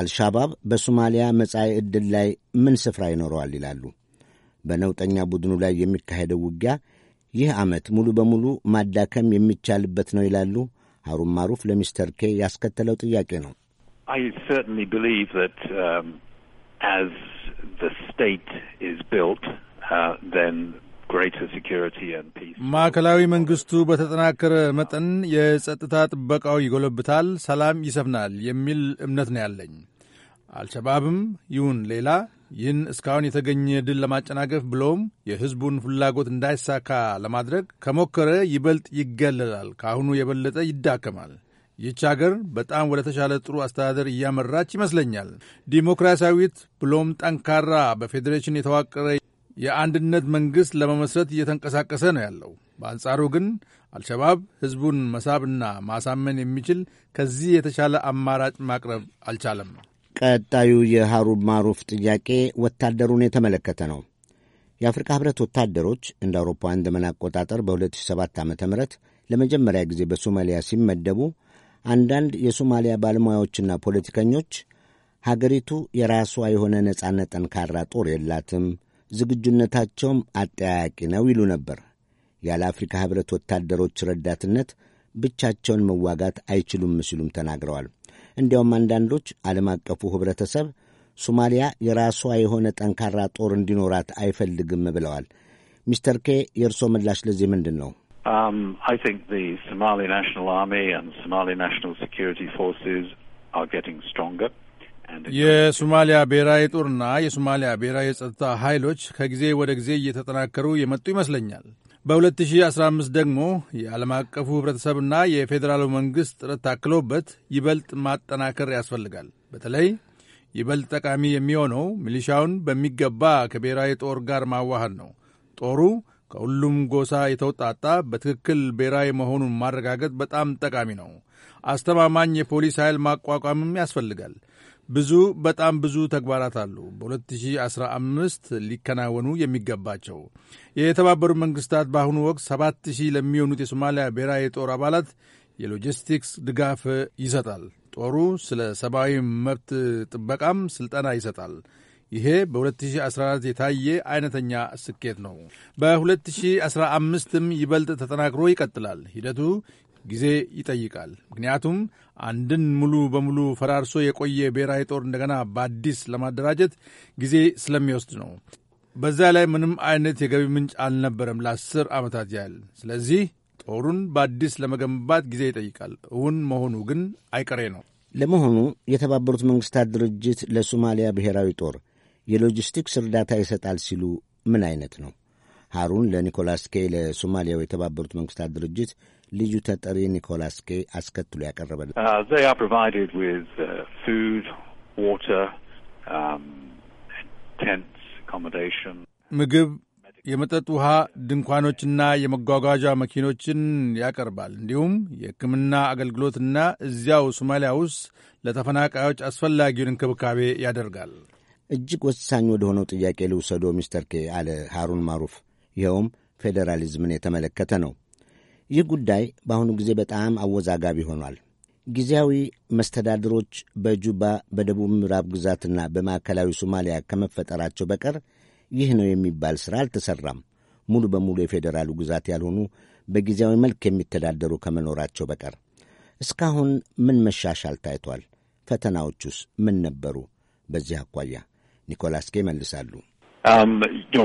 አልሻባብ በሶማሊያ መጻኢ ዕድል ላይ ምን ስፍራ ይኖረዋል ይላሉ። በነውጠኛ ቡድኑ ላይ የሚካሄደው ውጊያ ይህ ዓመት ሙሉ በሙሉ ማዳከም የሚቻልበት ነው ይላሉ። አሩም ማሩፍ ለሚስተር ኬ ያስከተለው ጥያቄ ነው። I certainly believe that um, as the state is built, uh, then greater security and peace. ማዕከላዊ መንግስቱ በተጠናከረ መጠን የጸጥታ ጥበቃው ይጎለብታል፣ ሰላም ይሰፍናል የሚል እምነት ነው ያለኝ። አልሸባብም ይሁን ሌላ ይህን እስካሁን የተገኘ ድል ለማጨናገፍ ብሎም የህዝቡን ፍላጎት እንዳይሳካ ለማድረግ ከሞከረ ይበልጥ ይገለላል፣ ከአሁኑ የበለጠ ይዳከማል። ይህች አገር በጣም ወደ ተሻለ ጥሩ አስተዳደር እያመራች ይመስለኛል። ዲሞክራሲያዊት ብሎም ጠንካራ በፌዴሬሽን የተዋቀረ የአንድነት መንግሥት ለመመስረት እየተንቀሳቀሰ ነው ያለው። በአንጻሩ ግን አልሸባብ ሕዝቡን መሳብና ማሳመን የሚችል ከዚህ የተሻለ አማራጭ ማቅረብ አልቻለም። ቀጣዩ የሀሩብ ማሩፍ ጥያቄ ወታደሩን የተመለከተ ነው። የአፍሪካ ህብረት ወታደሮች እንደ አውሮፓውያን ዘመን አቆጣጠር በ2007 ዓ ም ለመጀመሪያ ጊዜ በሶማሊያ ሲመደቡ አንዳንድ የሶማሊያ ባለሙያዎችና ፖለቲከኞች ሀገሪቱ የራሷ የሆነ ነጻነት ጠንካራ ጦር የላትም፣ ዝግጁነታቸውም አጠያያቂ ነው ይሉ ነበር። ያለ አፍሪካ ኅብረት ወታደሮች ረዳትነት ብቻቸውን መዋጋት አይችሉም ሲሉም ተናግረዋል። እንዲያውም አንዳንዶች ዓለም አቀፉ ኅብረተሰብ ሶማሊያ የራሷ የሆነ ጠንካራ ጦር እንዲኖራት አይፈልግም ብለዋል። ሚስተር ኬ የእርሶ ምላሽ ለዚህ ምንድን ነው? Um, I think the Somali National Army and Somali National Security Forces are getting stronger. የሶማሊያ ብሔራዊ ጦርና የሶማሊያ ብሔራዊ የጸጥታ ኃይሎች ከጊዜ ወደ ጊዜ እየተጠናከሩ የመጡ ይመስለኛል። በ2015 ደግሞ የዓለም አቀፉ ህብረተሰብና የፌዴራሉ መንግሥት ጥረት ታክሎበት ይበልጥ ማጠናከር ያስፈልጋል። በተለይ ይበልጥ ጠቃሚ የሚሆነው ሚሊሻውን በሚገባ ከብሔራዊ ጦር ጋር ማዋሃድ ነው። ጦሩ ከሁሉም ጎሳ የተውጣጣ በትክክል ብሔራዊ መሆኑን ማረጋገጥ በጣም ጠቃሚ ነው። አስተማማኝ የፖሊስ ኃይል ማቋቋምም ያስፈልጋል። ብዙ በጣም ብዙ ተግባራት አሉ በ2015 ሊከናወኑ የሚገባቸው። የተባበሩ መንግስታት በአሁኑ ወቅት 7000 ለሚሆኑት የሶማሊያ ብሔራዊ የጦር አባላት የሎጂስቲክስ ድጋፍ ይሰጣል። ጦሩ ስለ ሰብአዊ መብት ጥበቃም ስልጠና ይሰጣል። ይሄ በ2014 የታየ አይነተኛ ስኬት ነው። በ2015ም ይበልጥ ተጠናክሮ ይቀጥላል። ሂደቱ ጊዜ ይጠይቃል። ምክንያቱም አንድን ሙሉ በሙሉ ፈራርሶ የቆየ ብሔራዊ ጦር እንደገና በአዲስ ለማደራጀት ጊዜ ስለሚወስድ ነው። በዛ ላይ ምንም አይነት የገቢ ምንጭ አልነበረም ለአስር ዓመታት ያህል። ስለዚህ ጦሩን በአዲስ ለመገንባት ጊዜ ይጠይቃል። እውን መሆኑ ግን አይቀሬ ነው። ለመሆኑ የተባበሩት መንግስታት ድርጅት ለሶማሊያ ብሔራዊ ጦር የሎጂስቲክስ እርዳታ ይሰጣል ሲሉ ምን አይነት ነው? ሃሩን ለኒኮላስ ኬ ለሶማሊያው የተባበሩት መንግስታት ድርጅት ልዩ ተጠሪ ኒኮላስ ኬ አስከትሎ ያቀረበል uh, uh, um, ምግብ፣ የመጠጥ ውሃ፣ ድንኳኖችና የመጓጓዣ መኪኖችን ያቀርባል። እንዲሁም የሕክምና አገልግሎትና እዚያው ሶማሊያ ውስጥ ለተፈናቃዮች አስፈላጊውን እንክብካቤ ያደርጋል። እጅግ ወሳኝ ወደ ሆነው ጥያቄ ልውሰዶ ሚስተር ኬ አለ ሃሩን ማሩፍ። ይኸውም ፌዴራሊዝምን የተመለከተ ነው። ይህ ጉዳይ በአሁኑ ጊዜ በጣም አወዛጋቢ ሆኗል። ጊዜያዊ መስተዳድሮች በጁባ በደቡብ ምዕራብ ግዛትና በማዕከላዊ ሶማሊያ ከመፈጠራቸው በቀር ይህ ነው የሚባል ሥራ አልተሠራም። ሙሉ በሙሉ የፌዴራሉ ግዛት ያልሆኑ በጊዜያዊ መልክ የሚተዳደሩ ከመኖራቸው በቀር እስካሁን ምን መሻሻል ታይቷል? ፈተናዎቹስ ምን ነበሩ? በዚህ አኳያ ኒኮላስ ኬ ይመልሳሉ። um, uh,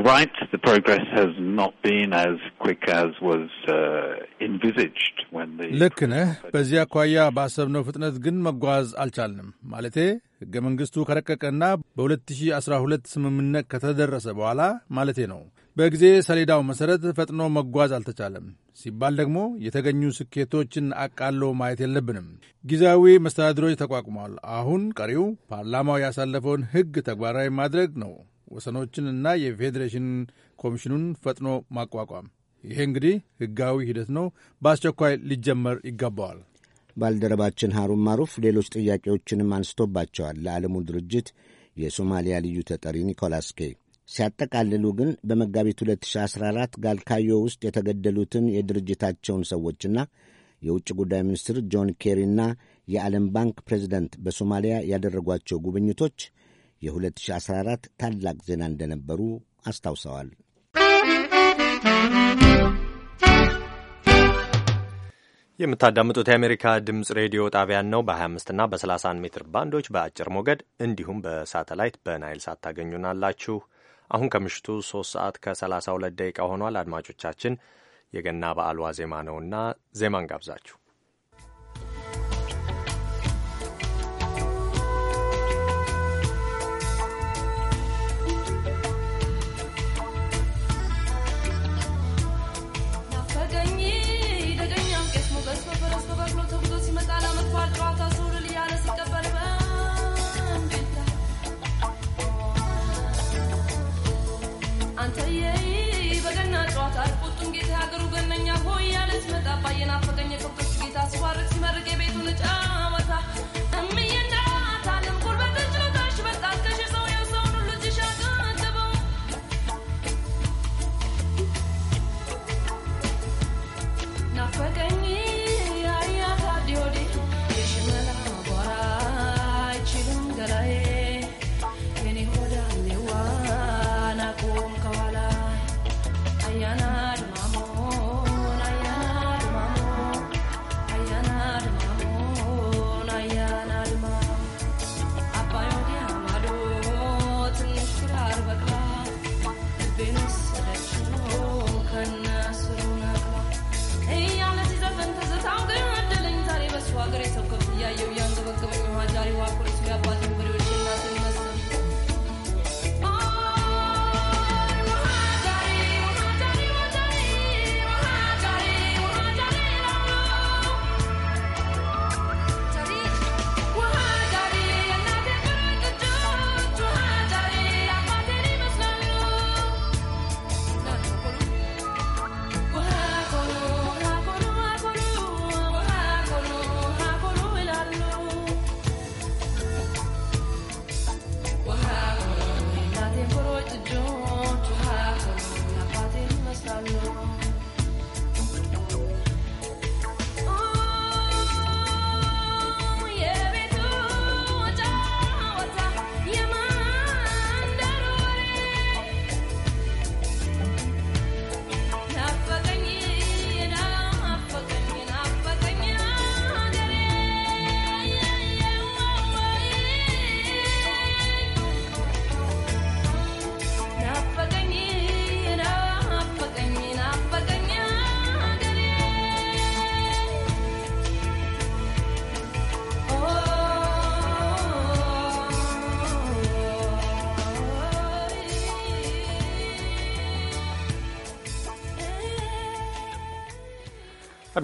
ልክ ነህ። በዚህ አኳያ ባሰብነው ፍጥነት ግን መጓዝ አልቻልንም። ማለቴ ሕገ መንግሥቱ ከረቀቀና በ2012 ስምምነት ከተደረሰ በኋላ ማለቴ ነው። በጊዜ ሰሌዳው መሠረት ፈጥኖ መጓዝ አልተቻለም ሲባል ደግሞ የተገኙ ስኬቶችን አቃሎ ማየት የለብንም። ጊዜያዊ መስተዳድሮች ተቋቁመዋል። አሁን ቀሪው ፓርላማው ያሳለፈውን ሕግ ተግባራዊ ማድረግ ነው። ወሰኖችን እና የፌዴሬሽን ኮሚሽኑን ፈጥኖ ማቋቋም። ይሄ እንግዲህ ሕጋዊ ሂደት ነው። በአስቸኳይ ሊጀመር ይገባዋል። ባልደረባችን ሐሩን ማሩፍ ሌሎች ጥያቄዎችንም አንስቶባቸዋል። ለዓለሙ ድርጅት የሶማሊያ ልዩ ተጠሪ ኒኮላስ ኬይ ሲያጠቃልሉ ግን በመጋቢት 2014 ጋልካዮ ውስጥ የተገደሉትን የድርጅታቸውን ሰዎችና የውጭ ጉዳይ ሚኒስትር ጆን ኬሪና የዓለም ባንክ ፕሬዚደንት በሶማሊያ ያደረጓቸው ጉብኝቶች የ2014 ታላቅ ዜና እንደነበሩ አስታውሰዋል። የምታዳምጡት የአሜሪካ ድምፅ ሬዲዮ ጣቢያን ነው። በ25 እና በ31 ሜትር ባንዶች በአጭር ሞገድ እንዲሁም በሳተላይት በናይል ሳት ታገኙናላችሁ። አሁን ከምሽቱ ሶስት ሰዓት ከ32 ደቂቃ ሆኗል። አድማጮቻችን የገና በዓል ዋዜማ ነውና ዜማን ጋብዛችሁ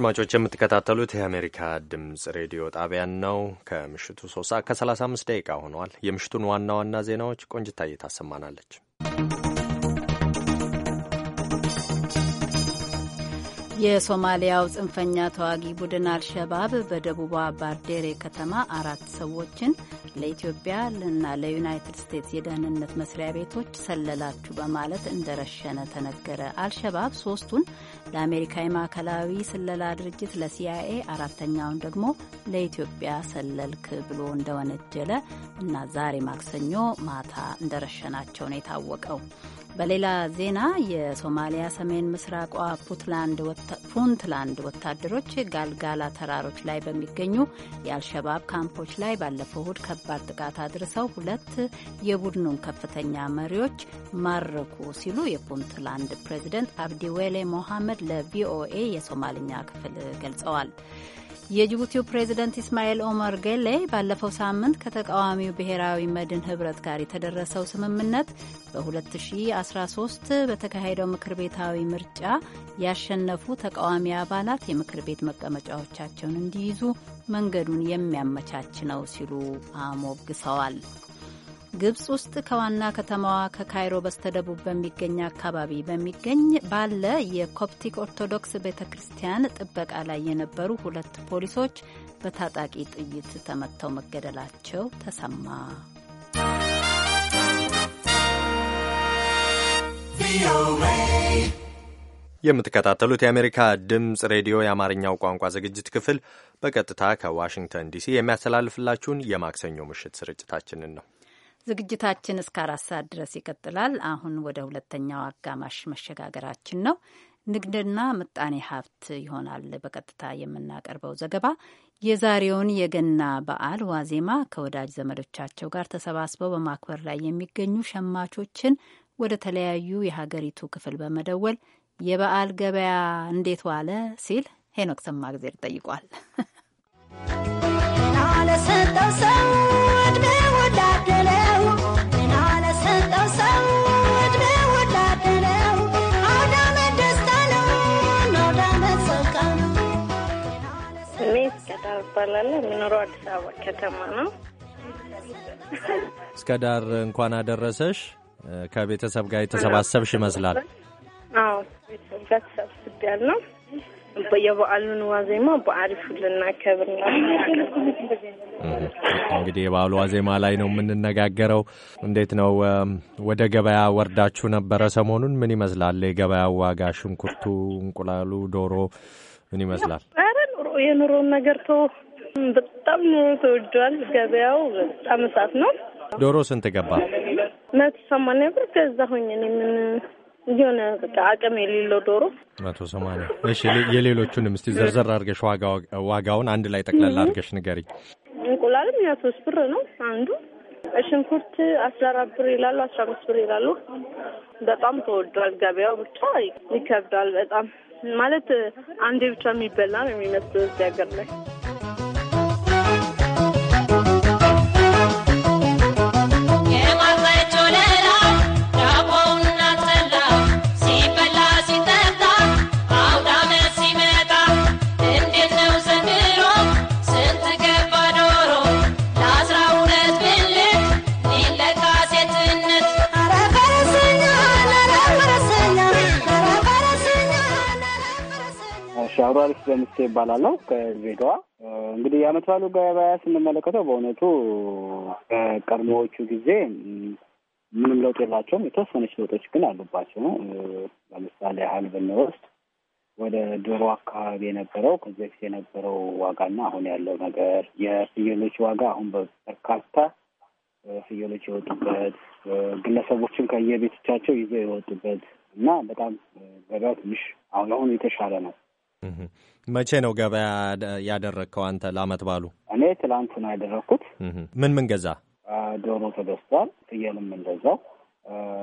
አድማጮች የምትከታተሉት የአሜሪካ ድምፅ ሬዲዮ ጣቢያን ነው። ከምሽቱ ሶስት ሰዓት ከሰላሳ አምስት ደቂቃ ሆኗል። የምሽቱን ዋና ዋና ዜናዎች ቆንጅታዬ ታሰማናለች። የሶማሊያው ጽንፈኛ ተዋጊ ቡድን አልሸባብ በደቡቧ ባርዴሬ ከተማ አራት ሰዎችን ለኢትዮጵያ እና ለዩናይትድ ስቴትስ የደህንነት መስሪያ ቤቶች ሰለላችሁ በማለት እንደረሸነ ተነገረ። አልሸባብ ሶስቱን ለአሜሪካ የማዕከላዊ ስለላ ድርጅት ለሲአይኤ፣ አራተኛውን ደግሞ ለኢትዮጵያ ሰለልክ ብሎ እንደወነጀለ እና ዛሬ ማክሰኞ ማታ እንደረሸናቸው ነው የታወቀው። በሌላ ዜና የሶማሊያ ሰሜን ምስራቋ ፑንትላንድ ወታደሮች ጋልጋላ ተራሮች ላይ በሚገኙ የአልሸባብ ካምፖች ላይ ባለፈው እሁድ ከባድ ጥቃት አድርሰው ሁለት የቡድኑን ከፍተኛ መሪዎች ማረኩ ሲሉ የፑንትላንድ ፕሬዚደንት አብዲዌሌ ሞሐመድ ለቪኦኤ የሶማልኛ ክፍል ገልጸዋል። የጅቡቲው ፕሬዝደንት ኢስማኤል ኦመር ጌሌ ባለፈው ሳምንት ከተቃዋሚው ብሔራዊ መድን ህብረት ጋር የተደረሰው ስምምነት በ2013 በተካሄደው ምክር ቤታዊ ምርጫ ያሸነፉ ተቃዋሚ አባላት የምክር ቤት መቀመጫዎቻቸውን እንዲይዙ መንገዱን የሚያመቻች ነው ሲሉ አሞግሰዋል። ግብፅ ውስጥ ከዋና ከተማዋ ከካይሮ በስተደቡብ በሚገኝ አካባቢ በሚገኝ ባለ የኮፕቲክ ኦርቶዶክስ ቤተ ክርስቲያን ጥበቃ ላይ የነበሩ ሁለት ፖሊሶች በታጣቂ ጥይት ተመተው መገደላቸው ተሰማ። የምትከታተሉት የአሜሪካ ድምፅ ሬዲዮ የአማርኛው ቋንቋ ዝግጅት ክፍል በቀጥታ ከዋሽንግተን ዲሲ የሚያስተላልፍላችሁን የማክሰኞ ምሽት ስርጭታችንን ነው። ዝግጅታችን እስከ አራት ሰዓት ድረስ ይቀጥላል። አሁን ወደ ሁለተኛው አጋማሽ መሸጋገራችን ነው። ንግድና ምጣኔ ሀብት ይሆናል በቀጥታ የምናቀርበው ዘገባ። የዛሬውን የገና በዓል ዋዜማ ከወዳጅ ዘመዶቻቸው ጋር ተሰባስበው በማክበር ላይ የሚገኙ ሸማቾችን ወደ ተለያዩ የሀገሪቱ ክፍል በመደወል የበዓል ገበያ እንዴት ዋለ ሲል ሄኖክ ሰማግዜር ጠይቋል። እስከዳር እባላለሁ። የምኖረው አዲስ አበባ ከተማ ነው። እስከዳር እንኳን አደረሰሽ። ከቤተሰብ ጋር የተሰባሰብሽ ይመስላል? አዎ ቤተሰብ ጋር ተሰብስብ ያል ነው። የበዓሉን ዋዜማ በአሪፉ ልናከብር ነው። እንግዲህ የበዓሉ ዋዜማ ላይ ነው የምንነጋገረው። እንዴት ነው ወደ ገበያ ወርዳችሁ ነበረ ሰሞኑን? ምን ይመስላል የገበያ ዋጋ? ሽንኩርቱ፣ እንቁላሉ፣ ዶሮ ምን ይመስላል? ኧረ የኑሮውን ነገር ተው። በጣም ኑሮ ተወዷል። ገበያው በጣም እሳት ነው። ዶሮ ስንት ገባ? መቶ ሰማንያ ብር ገዛ ሆኝ ምን የሆነ በቃ አቅም የሌለው ዶሮ መቶ ሰማንያ እሺ። የሌሎቹንም እስቲ ዘርዘር አድርገሽ ዋጋውን አንድ ላይ ጠቅላላ አድርገሽ ንገሪኝ። እንቁላልም ያ ሶስት ብር ነው አንዱ። ሽንኩርት አስራ አራት ብር ይላሉ፣ አስራ አምስት ብር ይላሉ። በጣም ተወዷል ገበያው ብቻ ይከብዳል በጣም ማለት አንዴ ብቻ የሚበላ ነው የሚመስለው እዚህ ሀገር ላይ አውራሪስ በምስቴ ይባላለሁ ከዜጋዋ እንግዲህ የዓመት ገበያ ስንመለከተው በእውነቱ ከቀድሞዎቹ ጊዜ ምንም ለውጥ የላቸውም። የተወሰነች ለውጦች ግን አሉባቸው። ለምሳሌ ያህል ብንወስድ ወደ ዶሮ አካባቢ የነበረው ከዚህ በፊት የነበረው ዋጋና አሁን ያለው ነገር፣ የፍየሎች ዋጋ አሁን በርካታ ፍየሎች የወጡበት ግለሰቦችን ከየቤቶቻቸው ይዘው የወጡበት እና በጣም ገበያው ትንሽ አሁን አሁን የተሻለ ነው። መቼ ነው ገበያ ያደረግከው አንተ? ለአመት ባሉ እኔ ትላንት ነው ያደረግኩት። ምን ምን ገዛ? ዶሮ ተገዝቷል፣ ፍየልም እንደዛው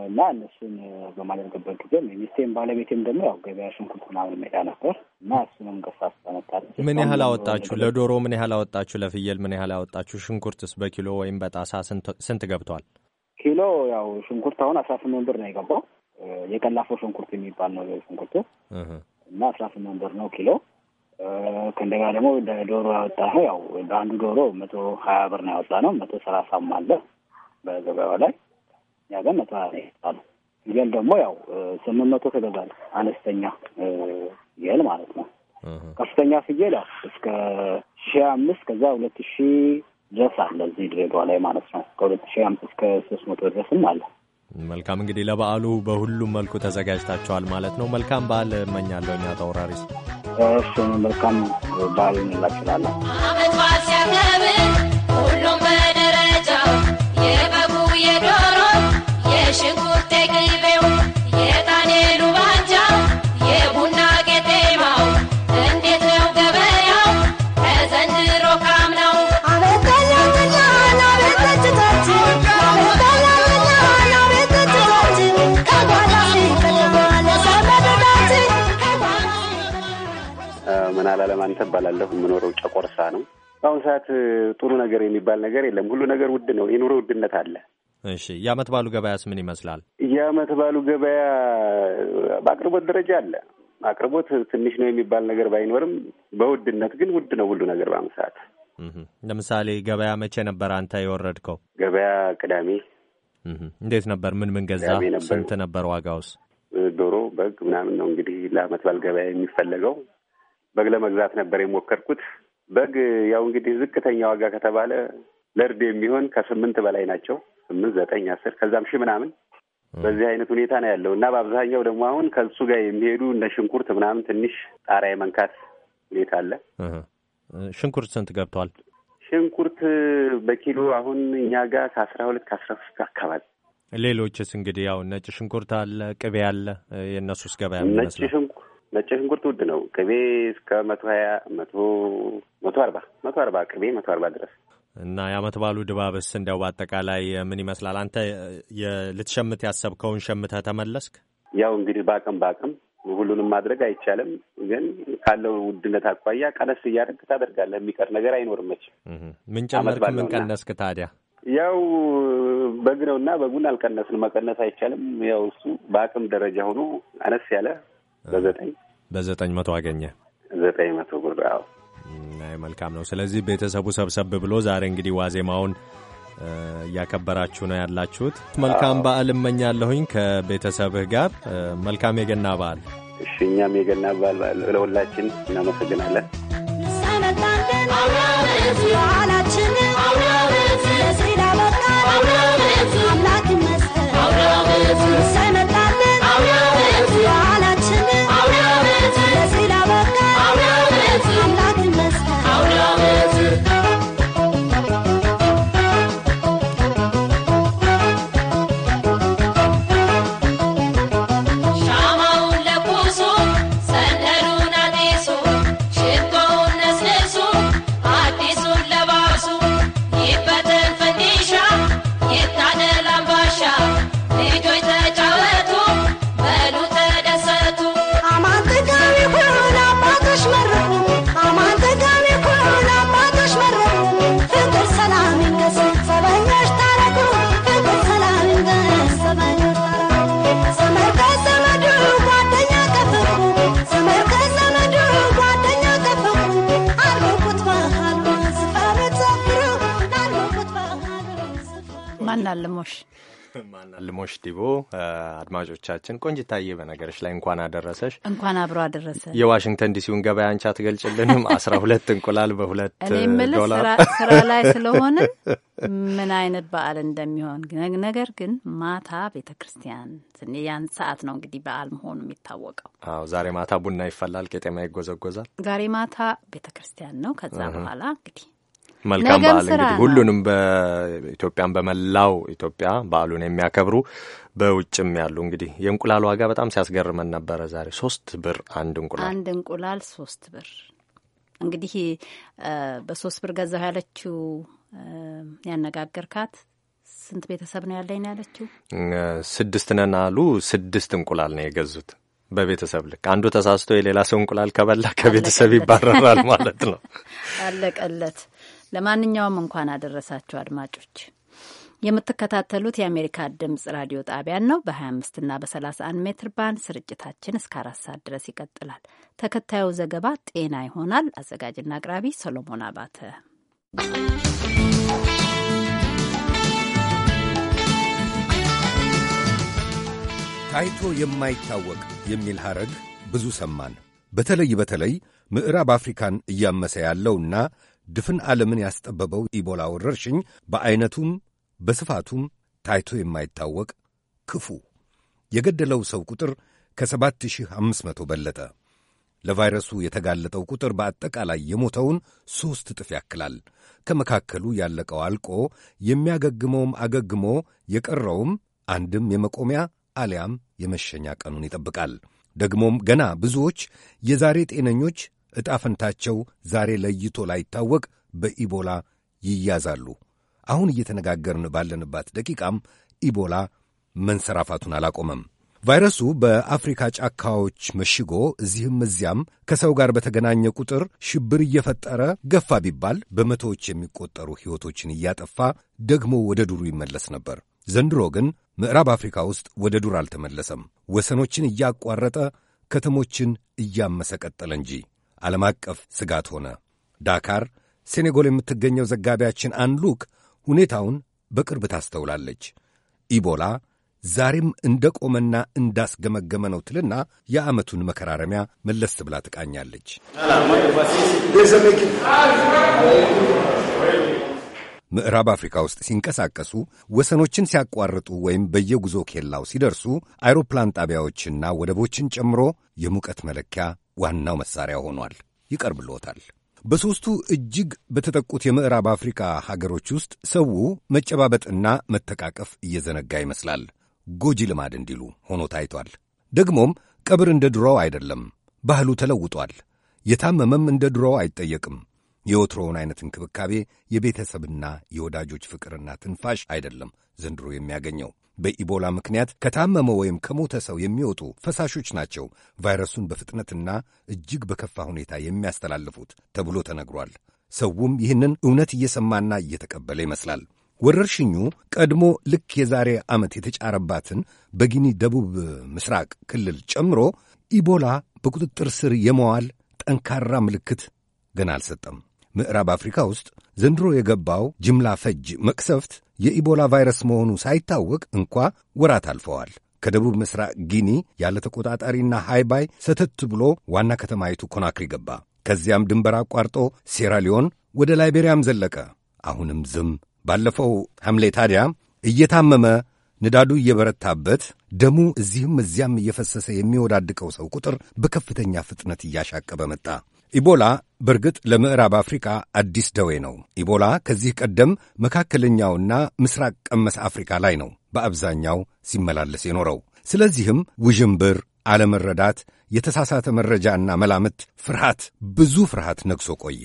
እና እነሱን በማደርግበት ጊዜ ሚስቴም ባለቤቴም ደግሞ ያው ገበያ ሽንኩርት ምናምን ሜዳ ነበር እና እሱንም ገፋፍ ተመታለች። ምን ያህል አወጣችሁ? ለዶሮ ምን ያህል አወጣችሁ? ለፍየል ምን ያህል አወጣችሁ? ሽንኩርትስ በኪሎ ወይም በጣሳ ስንት ገብቷል? ኪሎ ያው ሽንኩርት አሁን አስራ ስምንት ብር ነው የገባው። የቀላፈው ሽንኩርት የሚባል ነው ሽንኩርቱ እና አስራ ስምንት ብር ነው ኪሎ። ከእንደጋ ደግሞ ዶሮ ያወጣ ነው ያው በአንዱ ዶሮ መቶ ሀያ ብር ነው ያወጣ ነው። መቶ ሰላሳም አለ በገበያው ላይ እኛ ጋር መቶ ሀያ ነው ያወጣ ነው። ፍየል ደግሞ ያው ስምንት መቶ ተገዛል። አነስተኛ ይል ማለት ነው። ከፍተኛ ፍየል ያው እስከ ሺ አምስት ከዛ ሁለት ሺ ድረስ አለ እዚህ ድሬዳዋ ላይ ማለት ነው። ከሁለት ሺ አምስት እስከ ሶስት መቶ ድረስም አለ መልካም እንግዲህ ለበዓሉ በሁሉም መልኩ ተዘጋጅታችኋል ማለት ነው። መልካም በዓል እመኛለሁ። እኛ ተወራሪስ መልካም በዓል እንላችኋለን። ምስጋና ላለም እባላለሁ። የምኖረው ጨቆርሳ ነው። በአሁኑ ሰዓት ጥሩ ነገር የሚባል ነገር የለም። ሁሉ ነገር ውድ ነው። የኑሮ ውድነት አለ። እሺ፣ የአመት ባሉ ገበያስ ምን ይመስላል? የአመት ባሉ ገበያ በአቅርቦት ደረጃ አለ። አቅርቦት ትንሽ ነው የሚባል ነገር ባይኖርም በውድነት ግን ውድ ነው ሁሉ ነገር በአሁኑ ሰዓት። ለምሳሌ ገበያ መቼ ነበር አንተ የወረድከው? ገበያ ቅዳሜ። እንዴት ነበር? ምን ምን ገዛ? ስንት ነበር ዋጋውስ? ዶሮ፣ በግ ምናምን ነው እንግዲህ ለአመት ባል ገበያ የሚፈለገው በግ ለመግዛት ነበር የሞከርኩት። በግ ያው እንግዲህ ዝቅተኛ ዋጋ ከተባለ ለእርድ የሚሆን ከስምንት በላይ ናቸው። ስምንት ዘጠኝ፣ አስር ከዛም ሺህ ምናምን በዚህ አይነት ሁኔታ ነው ያለው እና በአብዛኛው ደግሞ አሁን ከሱ ጋር የሚሄዱ እንደ ሽንኩርት ምናምን ትንሽ ጣሪያ የመንካት ሁኔታ አለ። ሽንኩርት ስንት ገብቷል? ሽንኩርት በኪሎ አሁን እኛ ጋር ከአስራ ሁለት ከአስራ ሶስት አካባቢ ሌሎችስ እንግዲህ ያው ነጭ ሽንኩርት አለ፣ ቅቤ አለ። የእነሱስ ገበያ ነጭ ሽንኩርት ነጭ ሽንኩርት ውድ ነው። ቅቤ እስከ መቶ ሀያ መቶ መቶ አርባ መቶ አርባ ቅቤ መቶ አርባ ድረስ እና የዓመት ድባብስ እንዲያው በአጠቃላይ ምን ይመስላል? አንተ ልትሸምት ያሰብከውን ሸምተህ ተመለስክ? ያው እንግዲህ በአቅም በአቅም ሁሉንም ማድረግ አይቻልም፣ ግን ካለው ውድነት አኳያ ቀነስ እያደረግ ታደርጋለህ። የሚቀር ነገር አይኖርም። መች ምን ጨመርክ ምን ቀነስክ ታዲያ? ያው በግ ነውና በጉን አልቀነስን፣ መቀነስ አይቻልም። ያው እሱ በአቅም ደረጃ ሆኖ አነስ ያለ በዘጠኝ በዘጠኝ መቶ አገኘ ዘጠኝ መቶ ብር አዎ። መልካም ነው። ስለዚህ ቤተሰቡ ሰብሰብ ብሎ ዛሬ እንግዲህ ዋዜማውን እያከበራችሁ ነው ያላችሁት። መልካም በዓል እመኛለሁኝ ከቤተሰብህ ጋር መልካም የገና በዓል። እሺ፣ እኛም የገና በዓል ለሁላችን እናመሰግናለን። አድማጮቻችን ቆንጅታዬ በነገሮች ላይ እንኳን አደረሰሽ። እንኳን አብሮ አደረሰ። የዋሽንግተን ዲሲውን ገበያ አንቺ አትገልጭልንም? [LAUGHS] አስራ ሁለት እንቁላል በሁለት ዶላር ስራ ላይ [LAUGHS] ስለሆነ ምን አይነት በዓል እንደሚሆን ነገር ግን ማታ ቤተ ክርስቲያን ያን ሰዓት ነው እንግዲህ በዓል መሆኑ የሚታወቀው። አዎ ዛሬ ማታ ቡና ይፈላል፣ ቄጤማ ይጎዘጎዛል። ዛሬ ማታ ቤተ ክርስቲያን ነው። ከዛ በኋላ እንግዲህ መልካም በዓል እንግዲህ ሁሉንም በኢትዮጵያን በመላው ኢትዮጵያ በዓሉን የሚያከብሩ በውጭም ያሉ እንግዲህ የእንቁላል ዋጋ በጣም ሲያስገርመን ነበረ። ዛሬ ሶስት ብር አንድ እንቁላል አንድ እንቁላል ሶስት ብር እንግዲህ በሶስት ብር ገዛሁ ያለችው ያነጋገርካት ስንት ቤተሰብ ነው ያለኝ ነው ያለችው? ስድስት ነን አሉ። ስድስት እንቁላል ነው የገዙት በቤተሰብ ልክ። አንዱ ተሳስቶ የሌላ ሰው እንቁላል ከበላ ከቤተሰብ ይባረራል ማለት ነው። [LAUGHS] አለቀለት። ለማንኛውም እንኳን አደረሳችሁ አድማጮች። የምትከታተሉት የአሜሪካ ድምጽ ራዲዮ ጣቢያን ነው። በ25 እና በ31 ሜትር ባንድ ስርጭታችን እስከ አራት ሰዓት ድረስ ይቀጥላል። ተከታዩ ዘገባ ጤና ይሆናል። አዘጋጅና አቅራቢ ሰሎሞን አባተ። ታይቶ የማይታወቅ የሚል ሐረግ ብዙ ሰማን። በተለይ በተለይ ምዕራብ አፍሪካን እያመሰ ያለውና ድፍን ዓለምን ያስጠበበው ኢቦላ ወረርሽኝ በዐይነቱም በስፋቱም ታይቶ የማይታወቅ ክፉ የገደለው ሰው ቁጥር ከ7500 በለጠ። ለቫይረሱ የተጋለጠው ቁጥር በአጠቃላይ የሞተውን ሦስት እጥፍ ያክላል። ከመካከሉ ያለቀው አልቆ የሚያገግመውም አገግሞ የቀረውም አንድም የመቆሚያ አሊያም የመሸኛ ቀኑን ይጠብቃል። ደግሞም ገና ብዙዎች የዛሬ ጤነኞች ዕጣ ፈንታቸው ዛሬ ለይቶ ላይታወቅ በኢቦላ ይያዛሉ። አሁን እየተነጋገርን ባለንባት ደቂቃም ኢቦላ መንሰራፋቱን አላቆመም። ቫይረሱ በአፍሪካ ጫካዎች መሽጎ እዚህም እዚያም ከሰው ጋር በተገናኘ ቁጥር ሽብር እየፈጠረ ገፋ ቢባል በመቶዎች የሚቆጠሩ ሕይወቶችን እያጠፋ ደግሞ ወደ ዱሩ ይመለስ ነበር። ዘንድሮ ግን ምዕራብ አፍሪካ ውስጥ ወደ ዱር አልተመለሰም፣ ወሰኖችን እያቋረጠ ከተሞችን እያመሰቀጠለ እንጂ ዓለም አቀፍ ስጋት ሆነ። ዳካር ሴኔጎል የምትገኘው ዘጋቢያችን አንሉክ ሁኔታውን በቅርብ ታስተውላለች። ኢቦላ ዛሬም እንደ ቆመና እንዳስገመገመ ነው ትልና የዓመቱን መከራረሚያ መለስ ብላ ትቃኛለች። ምዕራብ አፍሪካ ውስጥ ሲንቀሳቀሱ ወሰኖችን ሲያቋርጡ ወይም በየጉዞ ኬላው ሲደርሱ አይሮፕላን ጣቢያዎችና ወደቦችን ጨምሮ የሙቀት መለኪያ ዋናው መሳሪያ ሆኗል። ይቀርብልዎታል። በሦስቱ እጅግ በተጠቁት የምዕራብ አፍሪካ ሀገሮች ውስጥ ሰው መጨባበጥና መተቃቀፍ እየዘነጋ ይመስላል። ጎጂ ልማድ እንዲሉ ሆኖ ታይቷል። ደግሞም ቀብር እንደ ድሮው አይደለም። ባህሉ ተለውጧል። የታመመም እንደ ድሮው አይጠየቅም። የወትሮውን አይነት እንክብካቤ፣ የቤተሰብና የወዳጆች ፍቅርና ትንፋሽ አይደለም ዘንድሮ የሚያገኘው። በኢቦላ ምክንያት ከታመመ ወይም ከሞተ ሰው የሚወጡ ፈሳሾች ናቸው ቫይረሱን በፍጥነትና እጅግ በከፋ ሁኔታ የሚያስተላልፉት ተብሎ ተነግሯል። ሰውም ይህንን እውነት እየሰማና እየተቀበለ ይመስላል። ወረርሽኙ ቀድሞ ልክ የዛሬ ዓመት የተጫረባትን በጊኒ ደቡብ ምስራቅ ክልል ጨምሮ ኢቦላ በቁጥጥር ስር የመዋል ጠንካራ ምልክት ገና አልሰጠም። ምዕራብ አፍሪካ ውስጥ ዘንድሮ የገባው ጅምላ ፈጅ መቅሰፍት የኢቦላ ቫይረስ መሆኑ ሳይታወቅ እንኳ ወራት አልፈዋል። ከደቡብ ምስራቅ ጊኒ ያለ ተቆጣጣሪና ሃይባይ ሰተት ብሎ ዋና ከተማይቱ ኮናክሪ ገባ። ከዚያም ድንበር አቋርጦ ሴራሊዮን ወደ ላይቤሪያም ዘለቀ። አሁንም ዝም። ባለፈው ሐምሌ ታዲያ እየታመመ ንዳዱ እየበረታበት ደሙ እዚህም እዚያም እየፈሰሰ የሚወዳድቀው ሰው ቁጥር በከፍተኛ ፍጥነት እያሻቀበ መጣ። ኢቦላ በእርግጥ ለምዕራብ አፍሪካ አዲስ ደዌ ነው። ኢቦላ ከዚህ ቀደም መካከለኛውና ምስራቅ ቀመስ አፍሪካ ላይ ነው በአብዛኛው ሲመላለስ የኖረው። ስለዚህም ውዥንብር፣ አለመረዳት፣ የተሳሳተ መረጃና መላምት፣ ፍርሃት፣ ብዙ ፍርሃት ነግሶ ቆየ።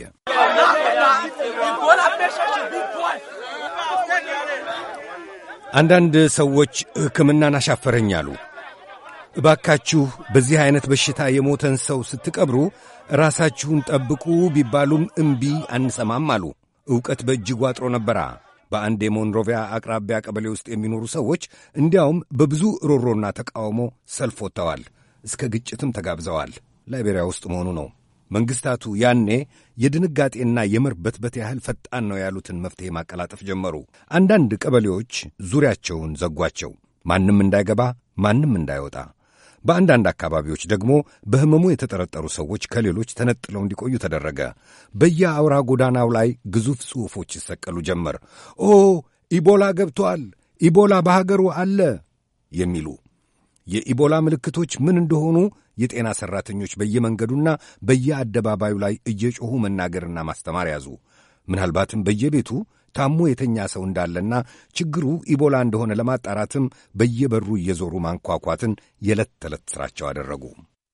አንዳንድ ሰዎች ሕክምናን አሻፈረኝ አሉ። እባካችሁ በዚህ ዐይነት በሽታ የሞተን ሰው ስትቀብሩ ራሳችሁን ጠብቁ ቢባሉም እምቢ አንሰማም አሉ። ዕውቀት በእጅጉ አጥሮ ነበራ። በአንድ የሞንሮቪያ አቅራቢያ ቀበሌ ውስጥ የሚኖሩ ሰዎች እንዲያውም በብዙ ሮሮና ተቃውሞ ሰልፍ ወጥተዋል። እስከ ግጭትም ተጋብዘዋል። ላይቤሪያ ውስጥ መሆኑ ነው። መንግሥታቱ ያኔ የድንጋጤና የመርበትበት ያህል ፈጣን ነው ያሉትን መፍትሔ ማቀላጠፍ ጀመሩ። አንዳንድ ቀበሌዎች ዙሪያቸውን ዘጓቸው። ማንም እንዳይገባ፣ ማንም እንዳይወጣ በአንዳንድ አካባቢዎች ደግሞ በሕመሙ የተጠረጠሩ ሰዎች ከሌሎች ተነጥለው እንዲቆዩ ተደረገ። በየአውራ ጎዳናው ላይ ግዙፍ ጽሑፎች ይሰቀሉ ጀመር። ኦ ኢቦላ ገብቷል፣ ኢቦላ በሀገሩ አለ የሚሉ የኢቦላ ምልክቶች ምን እንደሆኑ የጤና ሠራተኞች በየመንገዱና በየአደባባዩ ላይ እየጮኹ መናገርና ማስተማር ያዙ። ምናልባትም በየቤቱ ታሞ የተኛ ሰው እንዳለና ችግሩ ኢቦላ እንደሆነ ለማጣራትም በየበሩ እየዞሩ ማንኳኳትን የዕለት ተዕለት ሥራቸው አደረጉ።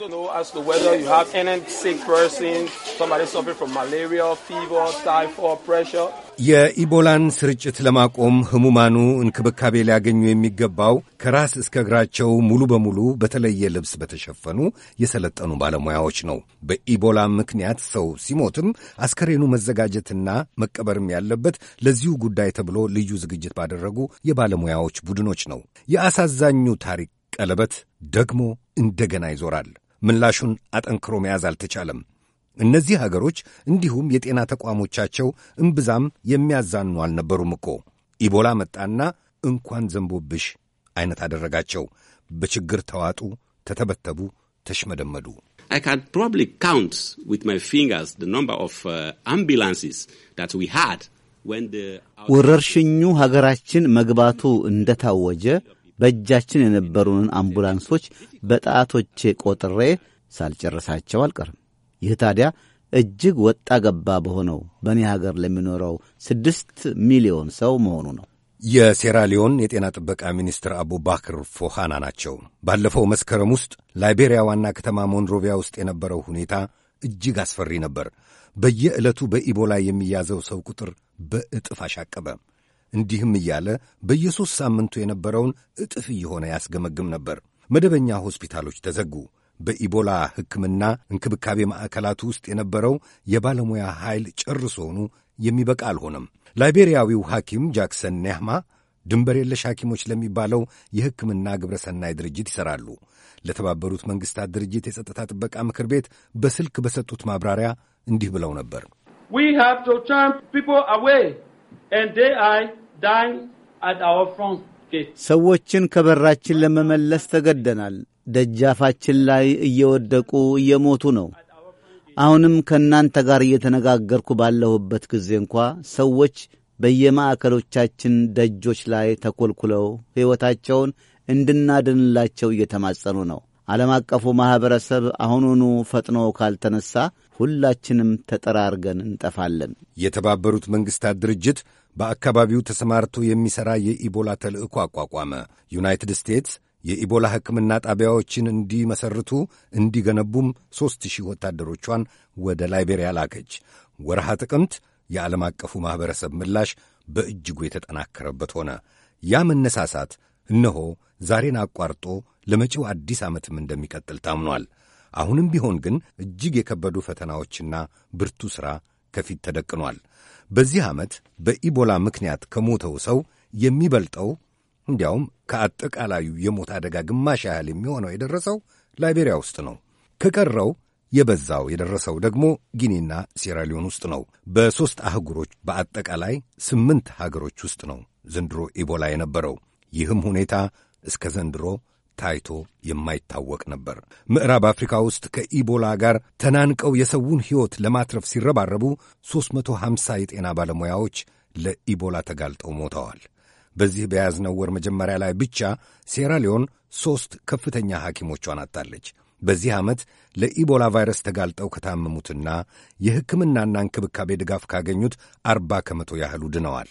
know as to whether you have any sick person, somebody suffering from malaria, fever, typhoid, pressure. የኢቦላን ስርጭት ለማቆም ህሙማኑ እንክብካቤ ሊያገኙ የሚገባው ከራስ እስከ እግራቸው ሙሉ በሙሉ በተለየ ልብስ በተሸፈኑ የሰለጠኑ ባለሙያዎች ነው። በኢቦላ ምክንያት ሰው ሲሞትም አስከሬኑ መዘጋጀትና መቀበርም ያለበት ለዚሁ ጉዳይ ተብሎ ልዩ ዝግጅት ባደረጉ የባለሙያዎች ቡድኖች ነው። የአሳዛኙ ታሪክ ቀለበት ደግሞ እንደገና ይዞራል። ምላሹን አጠንክሮ መያዝ አልተቻለም። እነዚህ ሀገሮች እንዲሁም የጤና ተቋሞቻቸው እምብዛም የሚያዛኑ አልነበሩም እኮ ኢቦላ መጣና እንኳን ዘንቦብሽ አይነት አደረጋቸው። በችግር ተዋጡ፣ ተተበተቡ፣ ተሽመደመዱ። I can probably count with my fingers the number of uh, ambulances that we had when the ወረርሽኙ ሀገራችን መግባቱ እንደታወጀ በእጃችን የነበሩንን አምቡላንሶች በጣቶቼ ቆጥሬ ሳልጨርሳቸው አልቀርም። ይህ ታዲያ እጅግ ወጣ ገባ በሆነው በእኔ ሀገር ለሚኖረው ስድስት ሚሊዮን ሰው መሆኑ ነው። የሴራሊዮን የጤና ጥበቃ ሚኒስትር አቡባክር ፎሃና ናቸው። ባለፈው መስከረም ውስጥ ላይቤሪያ ዋና ከተማ ሞንሮቪያ ውስጥ የነበረው ሁኔታ እጅግ አስፈሪ ነበር። በየዕለቱ በኢቦላ የሚያዘው ሰው ቁጥር በእጥፍ አሻቀበ። እንዲህም እያለ በየሦስት ሳምንቱ የነበረውን እጥፍ እየሆነ ያስገመግም ነበር። መደበኛ ሆስፒታሎች ተዘጉ። በኢቦላ ሕክምና እንክብካቤ ማዕከላት ውስጥ የነበረው የባለሙያ ኃይል ጨርሶውኑ የሚበቃ አልሆነም። ላይቤሪያዊው ሐኪም ጃክሰን ኔህማ ድንበር የለሽ ሐኪሞች ለሚባለው የሕክምና ግብረ ሰናይ ድርጅት ይሠራሉ። ለተባበሩት መንግሥታት ድርጅት የጸጥታ ጥበቃ ምክር ቤት በስልክ በሰጡት ማብራሪያ እንዲህ ብለው ነበር። ሰዎችን ከበራችን ለመመለስ ተገደናል። ደጃፋችን ላይ እየወደቁ እየሞቱ ነው። አሁንም ከእናንተ ጋር እየተነጋገርኩ ባለሁበት ጊዜ እንኳ ሰዎች በየማዕከሎቻችን ደጆች ላይ ተኰልኩለው ሕይወታቸውን እንድናድንላቸው እየተማጸኑ ነው። ዓለም አቀፉ ማኅበረሰብ አሁኑኑ ፈጥኖ ካልተነሣ ሁላችንም ተጠራርገን እንጠፋለን። የተባበሩት መንግሥታት ድርጅት በአካባቢው ተሰማርቶ የሚሠራ የኢቦላ ተልዕኮ አቋቋመ። ዩናይትድ ስቴትስ የኢቦላ ሕክምና ጣቢያዎችን እንዲመሠርቱ እንዲገነቡም ሦስት ሺህ ወታደሮቿን ወደ ላይቤሪያ ላከች። ወርሃ ጥቅምት የዓለም አቀፉ ማኅበረሰብ ምላሽ በእጅጉ የተጠናከረበት ሆነ። ያ መነሳሳት እነሆ ዛሬን አቋርጦ ለመጪው አዲስ ዓመትም እንደሚቀጥል ታምኗል። አሁንም ቢሆን ግን እጅግ የከበዱ ፈተናዎችና ብርቱ ሥራ ከፊት ተደቅኗል። በዚህ ዓመት በኢቦላ ምክንያት ከሞተው ሰው የሚበልጠው እንዲያውም ከአጠቃላዩ የሞት አደጋ ግማሽ ያህል የሚሆነው የደረሰው ላይቤሪያ ውስጥ ነው። ከቀረው የበዛው የደረሰው ደግሞ ጊኒና ሴራሊዮን ውስጥ ነው። በሦስት አህጉሮች በአጠቃላይ ስምንት ሀገሮች ውስጥ ነው ዘንድሮ ኢቦላ የነበረው። ይህም ሁኔታ እስከ ዘንድሮ ታይቶ የማይታወቅ ነበር። ምዕራብ አፍሪካ ውስጥ ከኢቦላ ጋር ተናንቀው የሰውን ሕይወት ለማትረፍ ሲረባረቡ 350 የጤና ባለሙያዎች ለኢቦላ ተጋልጠው ሞተዋል። በዚህ በያዝነው ወር መጀመሪያ ላይ ብቻ ሴራሊዮን ሦስት ከፍተኛ ሐኪሞቿን አጣለች። በዚህ ዓመት ለኢቦላ ቫይረስ ተጋልጠው ከታመሙትና የሕክምናና እንክብካቤ ድጋፍ ካገኙት አርባ ከመቶ ያህሉ ድነዋል።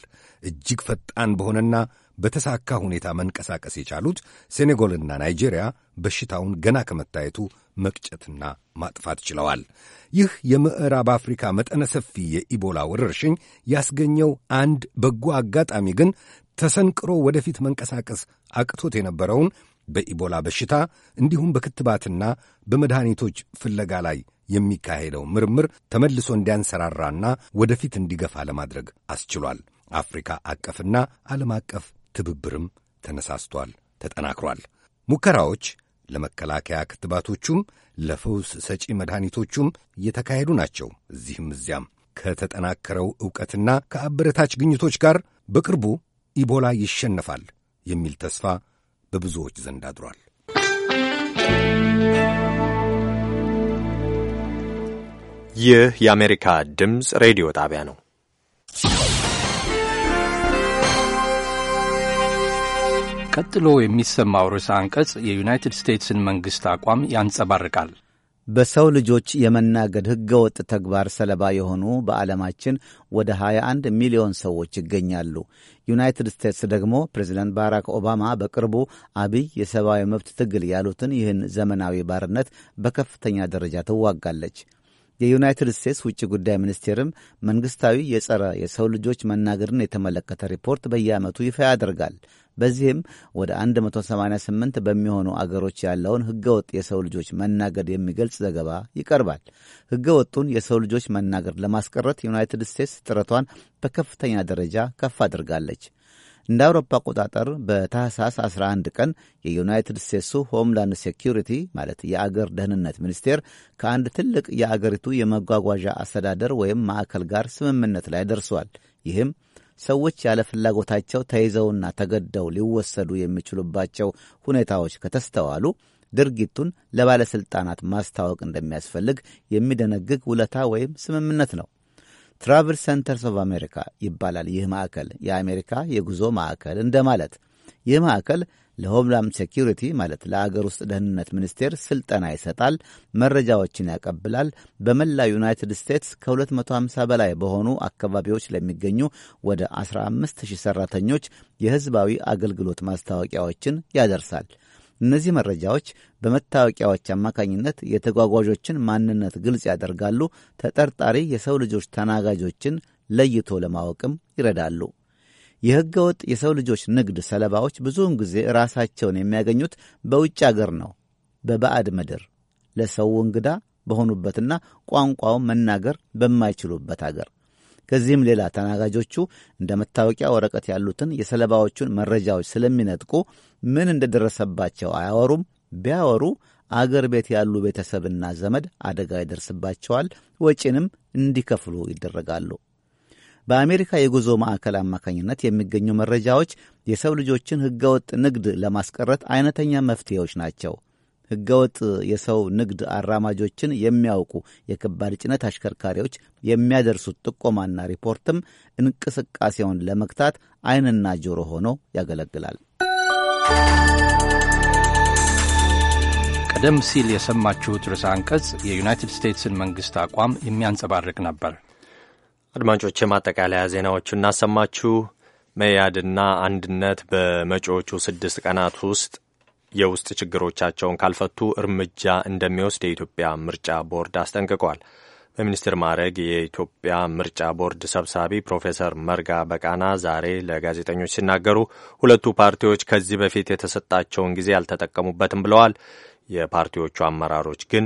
እጅግ ፈጣን በሆነና በተሳካ ሁኔታ መንቀሳቀስ የቻሉት ሴኔጎልና ናይጄሪያ በሽታውን ገና ከመታየቱ መቅጨትና ማጥፋት ችለዋል። ይህ የምዕራብ አፍሪካ መጠነ ሰፊ የኢቦላ ወረርሽኝ ያስገኘው አንድ በጎ አጋጣሚ ግን ተሰንቅሮ ወደፊት መንቀሳቀስ አቅቶት የነበረውን በኢቦላ በሽታ እንዲሁም በክትባትና በመድኃኒቶች ፍለጋ ላይ የሚካሄደው ምርምር ተመልሶ እንዲያንሰራራና ወደፊት እንዲገፋ ለማድረግ አስችሏል። አፍሪካ አቀፍና ዓለም አቀፍ ትብብርም ተነሳስቷል፣ ተጠናክሯል። ሙከራዎች ለመከላከያ ክትባቶቹም ለፈውስ ሰጪ መድኃኒቶቹም እየተካሄዱ ናቸው። እዚህም እዚያም ከተጠናከረው ዕውቀትና ከአበረታች ግኝቶች ጋር በቅርቡ ኢቦላ ይሸነፋል የሚል ተስፋ በብዙዎች ዘንድ አድሯል። ይህ የአሜሪካ ድምፅ ሬዲዮ ጣቢያ ነው። ቀጥሎ የሚሰማው ርዕሰ አንቀጽ የዩናይትድ ስቴትስን መንግሥት አቋም ያንጸባርቃል። በሰው ልጆች የመናገድ ሕገወጥ ተግባር ሰለባ የሆኑ በዓለማችን ወደ 21 ሚሊዮን ሰዎች ይገኛሉ። ዩናይትድ ስቴትስ ደግሞ ፕሬዚደንት ባራክ ኦባማ በቅርቡ አብይ የሰብአዊ መብት ትግል ያሉትን ይህን ዘመናዊ ባርነት በከፍተኛ ደረጃ ትዋጋለች። የዩናይትድ ስቴትስ ውጭ ጉዳይ ሚኒስቴርም መንግስታዊ የጸረ የሰው ልጆች መናገርን የተመለከተ ሪፖርት በየዓመቱ ይፋ ያደርጋል። በዚህም ወደ 188 በሚሆኑ አገሮች ያለውን ህገወጥ የሰው ልጆች መናገድ የሚገልጽ ዘገባ ይቀርባል። ህገወጡን የሰው ልጆች መናገድ ለማስቀረት ዩናይትድ ስቴትስ ጥረቷን በከፍተኛ ደረጃ ከፍ አድርጋለች። እንደ አውሮፓ አቆጣጠር በታህሳስ 11 ቀን የዩናይትድ ስቴትሱ ሆምላንድ ሴኪሪቲ ማለት የአገር ደህንነት ሚኒስቴር ከአንድ ትልቅ የአገሪቱ የመጓጓዣ አስተዳደር ወይም ማዕከል ጋር ስምምነት ላይ ደርሷል። ይህም ሰዎች ያለ ፍላጎታቸው ተይዘውና ተገደው ሊወሰዱ የሚችሉባቸው ሁኔታዎች ከተስተዋሉ ድርጊቱን ለባለሥልጣናት ማስታወቅ እንደሚያስፈልግ የሚደነግግ ውለታ ወይም ስምምነት ነው። ትራቨል ሰንተርስ ኦፍ አሜሪካ ይባላል። ይህ ማዕከል የአሜሪካ የጉዞ ማዕከል እንደማለት። ይህ ማዕከል ለሆምላንድ ሴኪሪቲ ማለት ለአገር ውስጥ ደህንነት ሚኒስቴር ስልጠና ይሰጣል፣ መረጃዎችን ያቀብላል። በመላ ዩናይትድ ስቴትስ ከ250 በላይ በሆኑ አካባቢዎች ለሚገኙ ወደ 15000 ሠራተኞች የሕዝባዊ አገልግሎት ማስታወቂያዎችን ያደርሳል። እነዚህ መረጃዎች በመታወቂያዎች አማካኝነት የተጓጓዦችን ማንነት ግልጽ ያደርጋሉ። ተጠርጣሪ የሰው ልጆች ተናጋጆችን ለይቶ ለማወቅም ይረዳሉ። የሕገ ወጥ የሰው ልጆች ንግድ ሰለባዎች ብዙውን ጊዜ ራሳቸውን የሚያገኙት በውጭ አገር ነው። በባዕድ ምድር ለሰው እንግዳ በሆኑበትና ቋንቋውን መናገር በማይችሉበት አገር። ከዚህም ሌላ ተናጋጆቹ እንደ መታወቂያ ወረቀት ያሉትን የሰለባዎቹን መረጃዎች ስለሚነጥቁ ምን እንደደረሰባቸው አያወሩም። ቢያወሩ አገር ቤት ያሉ ቤተሰብና ዘመድ አደጋ ይደርስባቸዋል፣ ወጪንም እንዲከፍሉ ይደረጋሉ። በአሜሪካ የጉዞ ማዕከል አማካኝነት የሚገኙ መረጃዎች የሰው ልጆችን ሕገወጥ ንግድ ለማስቀረት አይነተኛ መፍትሄዎች ናቸው። ሕገወጥ የሰው ንግድ አራማጆችን የሚያውቁ የከባድ ጭነት አሽከርካሪዎች የሚያደርሱት ጥቆማና ሪፖርትም እንቅስቃሴውን ለመግታት ዓይንና ጆሮ ሆኖ ያገለግላል። ቀደም ሲል የሰማችሁት ርዕሰ አንቀጽ የዩናይትድ ስቴትስን መንግሥት አቋም የሚያንጸባርቅ ነበር። አድማጮች፣ የማጠቃለያ ዜናዎቹ እናሰማችሁ። መያድና አንድነት በመጪዎቹ ስድስት ቀናት ውስጥ የውስጥ ችግሮቻቸውን ካልፈቱ እርምጃ እንደሚወስድ የኢትዮጵያ ምርጫ ቦርድ አስጠንቅቋል። በሚኒስትር ማዕረግ የኢትዮጵያ ምርጫ ቦርድ ሰብሳቢ ፕሮፌሰር መርጋ በቃና ዛሬ ለጋዜጠኞች ሲናገሩ ሁለቱ ፓርቲዎች ከዚህ በፊት የተሰጣቸውን ጊዜ አልተጠቀሙበትም ብለዋል። የፓርቲዎቹ አመራሮች ግን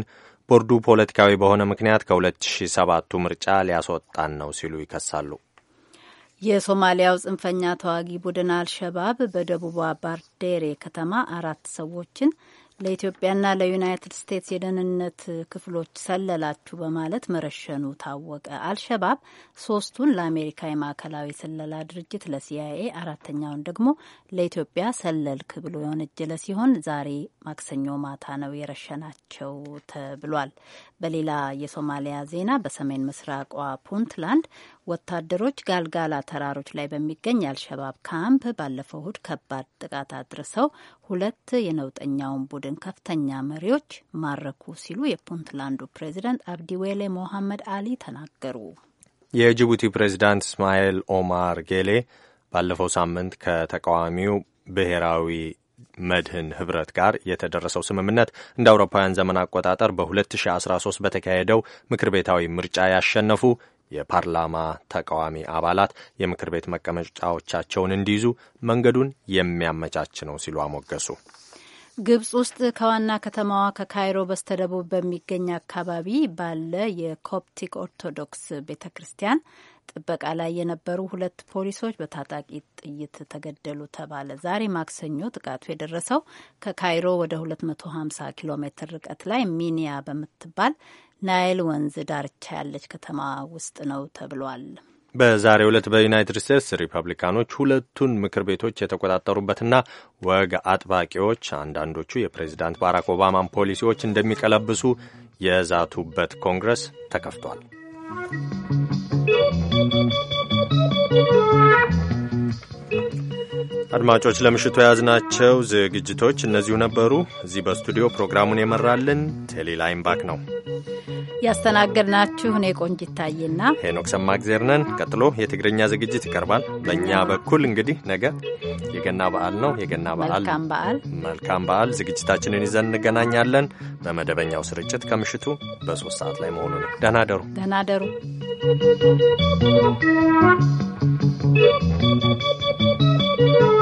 ቦርዱ ፖለቲካዊ በሆነ ምክንያት ከ2007ቱ ምርጫ ሊያስወጣን ነው ሲሉ ይከሳሉ። የሶማሊያው ጽንፈኛ ተዋጊ ቡድን አልሸባብ በደቡቧ ባርዴሬ ከተማ አራት ሰዎችን ለኢትዮጵያና ለዩናይትድ ስቴትስ የደህንነት ክፍሎች ሰለላችሁ በማለት መረሸኑ ታወቀ። አልሸባብ ሶስቱን ለአሜሪካ የማዕከላዊ ስለላ ድርጅት ለሲአይኤ፣ አራተኛውን ደግሞ ለኢትዮጵያ ሰለልክ ብሎ የወነጀለ ሲሆን ዛሬ ማክሰኞ ማታ ነው የረሸናቸው ተብሏል። በሌላ የሶማሊያ ዜና በሰሜን ምስራቋ ፑንትላንድ ወታደሮች ጋልጋላ ተራሮች ላይ በሚገኝ አልሸባብ ካምፕ ባለፈው እሁድ ከባድ ጥቃት አድርሰው ሁለት የነውጠኛውን ቡድን ከፍተኛ መሪዎች ማረኩ ሲሉ የፑንትላንዱ ፕሬዚደንት አብዲዌሌ ሞሐመድ አሊ ተናገሩ። የጅቡቲ ፕሬዚዳንት እስማኤል ኦማር ጌሌ ባለፈው ሳምንት ከተቃዋሚው ብሔራዊ መድህን ህብረት ጋር የተደረሰው ስምምነት እንደ አውሮፓውያን ዘመን አቆጣጠር በ2013 በተካሄደው ምክር ቤታዊ ምርጫ ያሸነፉ የፓርላማ ተቃዋሚ አባላት የምክር ቤት መቀመጫዎቻቸውን እንዲይዙ መንገዱን የሚያመቻች ነው ሲሉ አሞገሱ። ግብጽ ውስጥ ከዋና ከተማዋ ከካይሮ በስተደቡብ በሚገኝ አካባቢ ባለ የኮፕቲክ ኦርቶዶክስ ቤተ ክርስቲያን ጥበቃ ላይ የነበሩ ሁለት ፖሊሶች በታጣቂ ጥይት ተገደሉ ተባለ። ዛሬ ማክሰኞ ጥቃቱ የደረሰው ከካይሮ ወደ 250 ኪሎ ሜትር ርቀት ላይ ሚኒያ በምትባል ናይል ወንዝ ዳርቻ ያለች ከተማ ውስጥ ነው ተብሏል። በዛሬ ዕለት በዩናይትድ ስቴትስ ሪፐብሊካኖች ሁለቱን ምክር ቤቶች የተቆጣጠሩበትና ወግ አጥባቂዎች አንዳንዶቹ የፕሬዚዳንት ባራክ ኦባማን ፖሊሲዎች እንደሚቀለብሱ የዛቱበት ኮንግረስ ተከፍቷል። አድማጮች ለምሽቱ የያዝናቸው ዝግጅቶች እነዚሁ ነበሩ። እዚህ በስቱዲዮ ፕሮግራሙን የመራልን ቴሌላይም ባክ ነው ያስተናገድናችሁ። እኔ ቆንጅ ታየና ሄኖክ ሰማ ነን። ቀጥሎ የትግርኛ ዝግጅት ይቀርባል። በእኛ በኩል እንግዲህ ነገ የገና በዓል ነው። የገና በዓል መልካም በዓል። ዝግጅታችንን ይዘን እንገናኛለን። በመደበኛው ስርጭት ከምሽቱ በሶስት ሰዓት ላይ መሆኑ ነው። ደህና ደሩ፣ ደህና ደሩ። Thank you.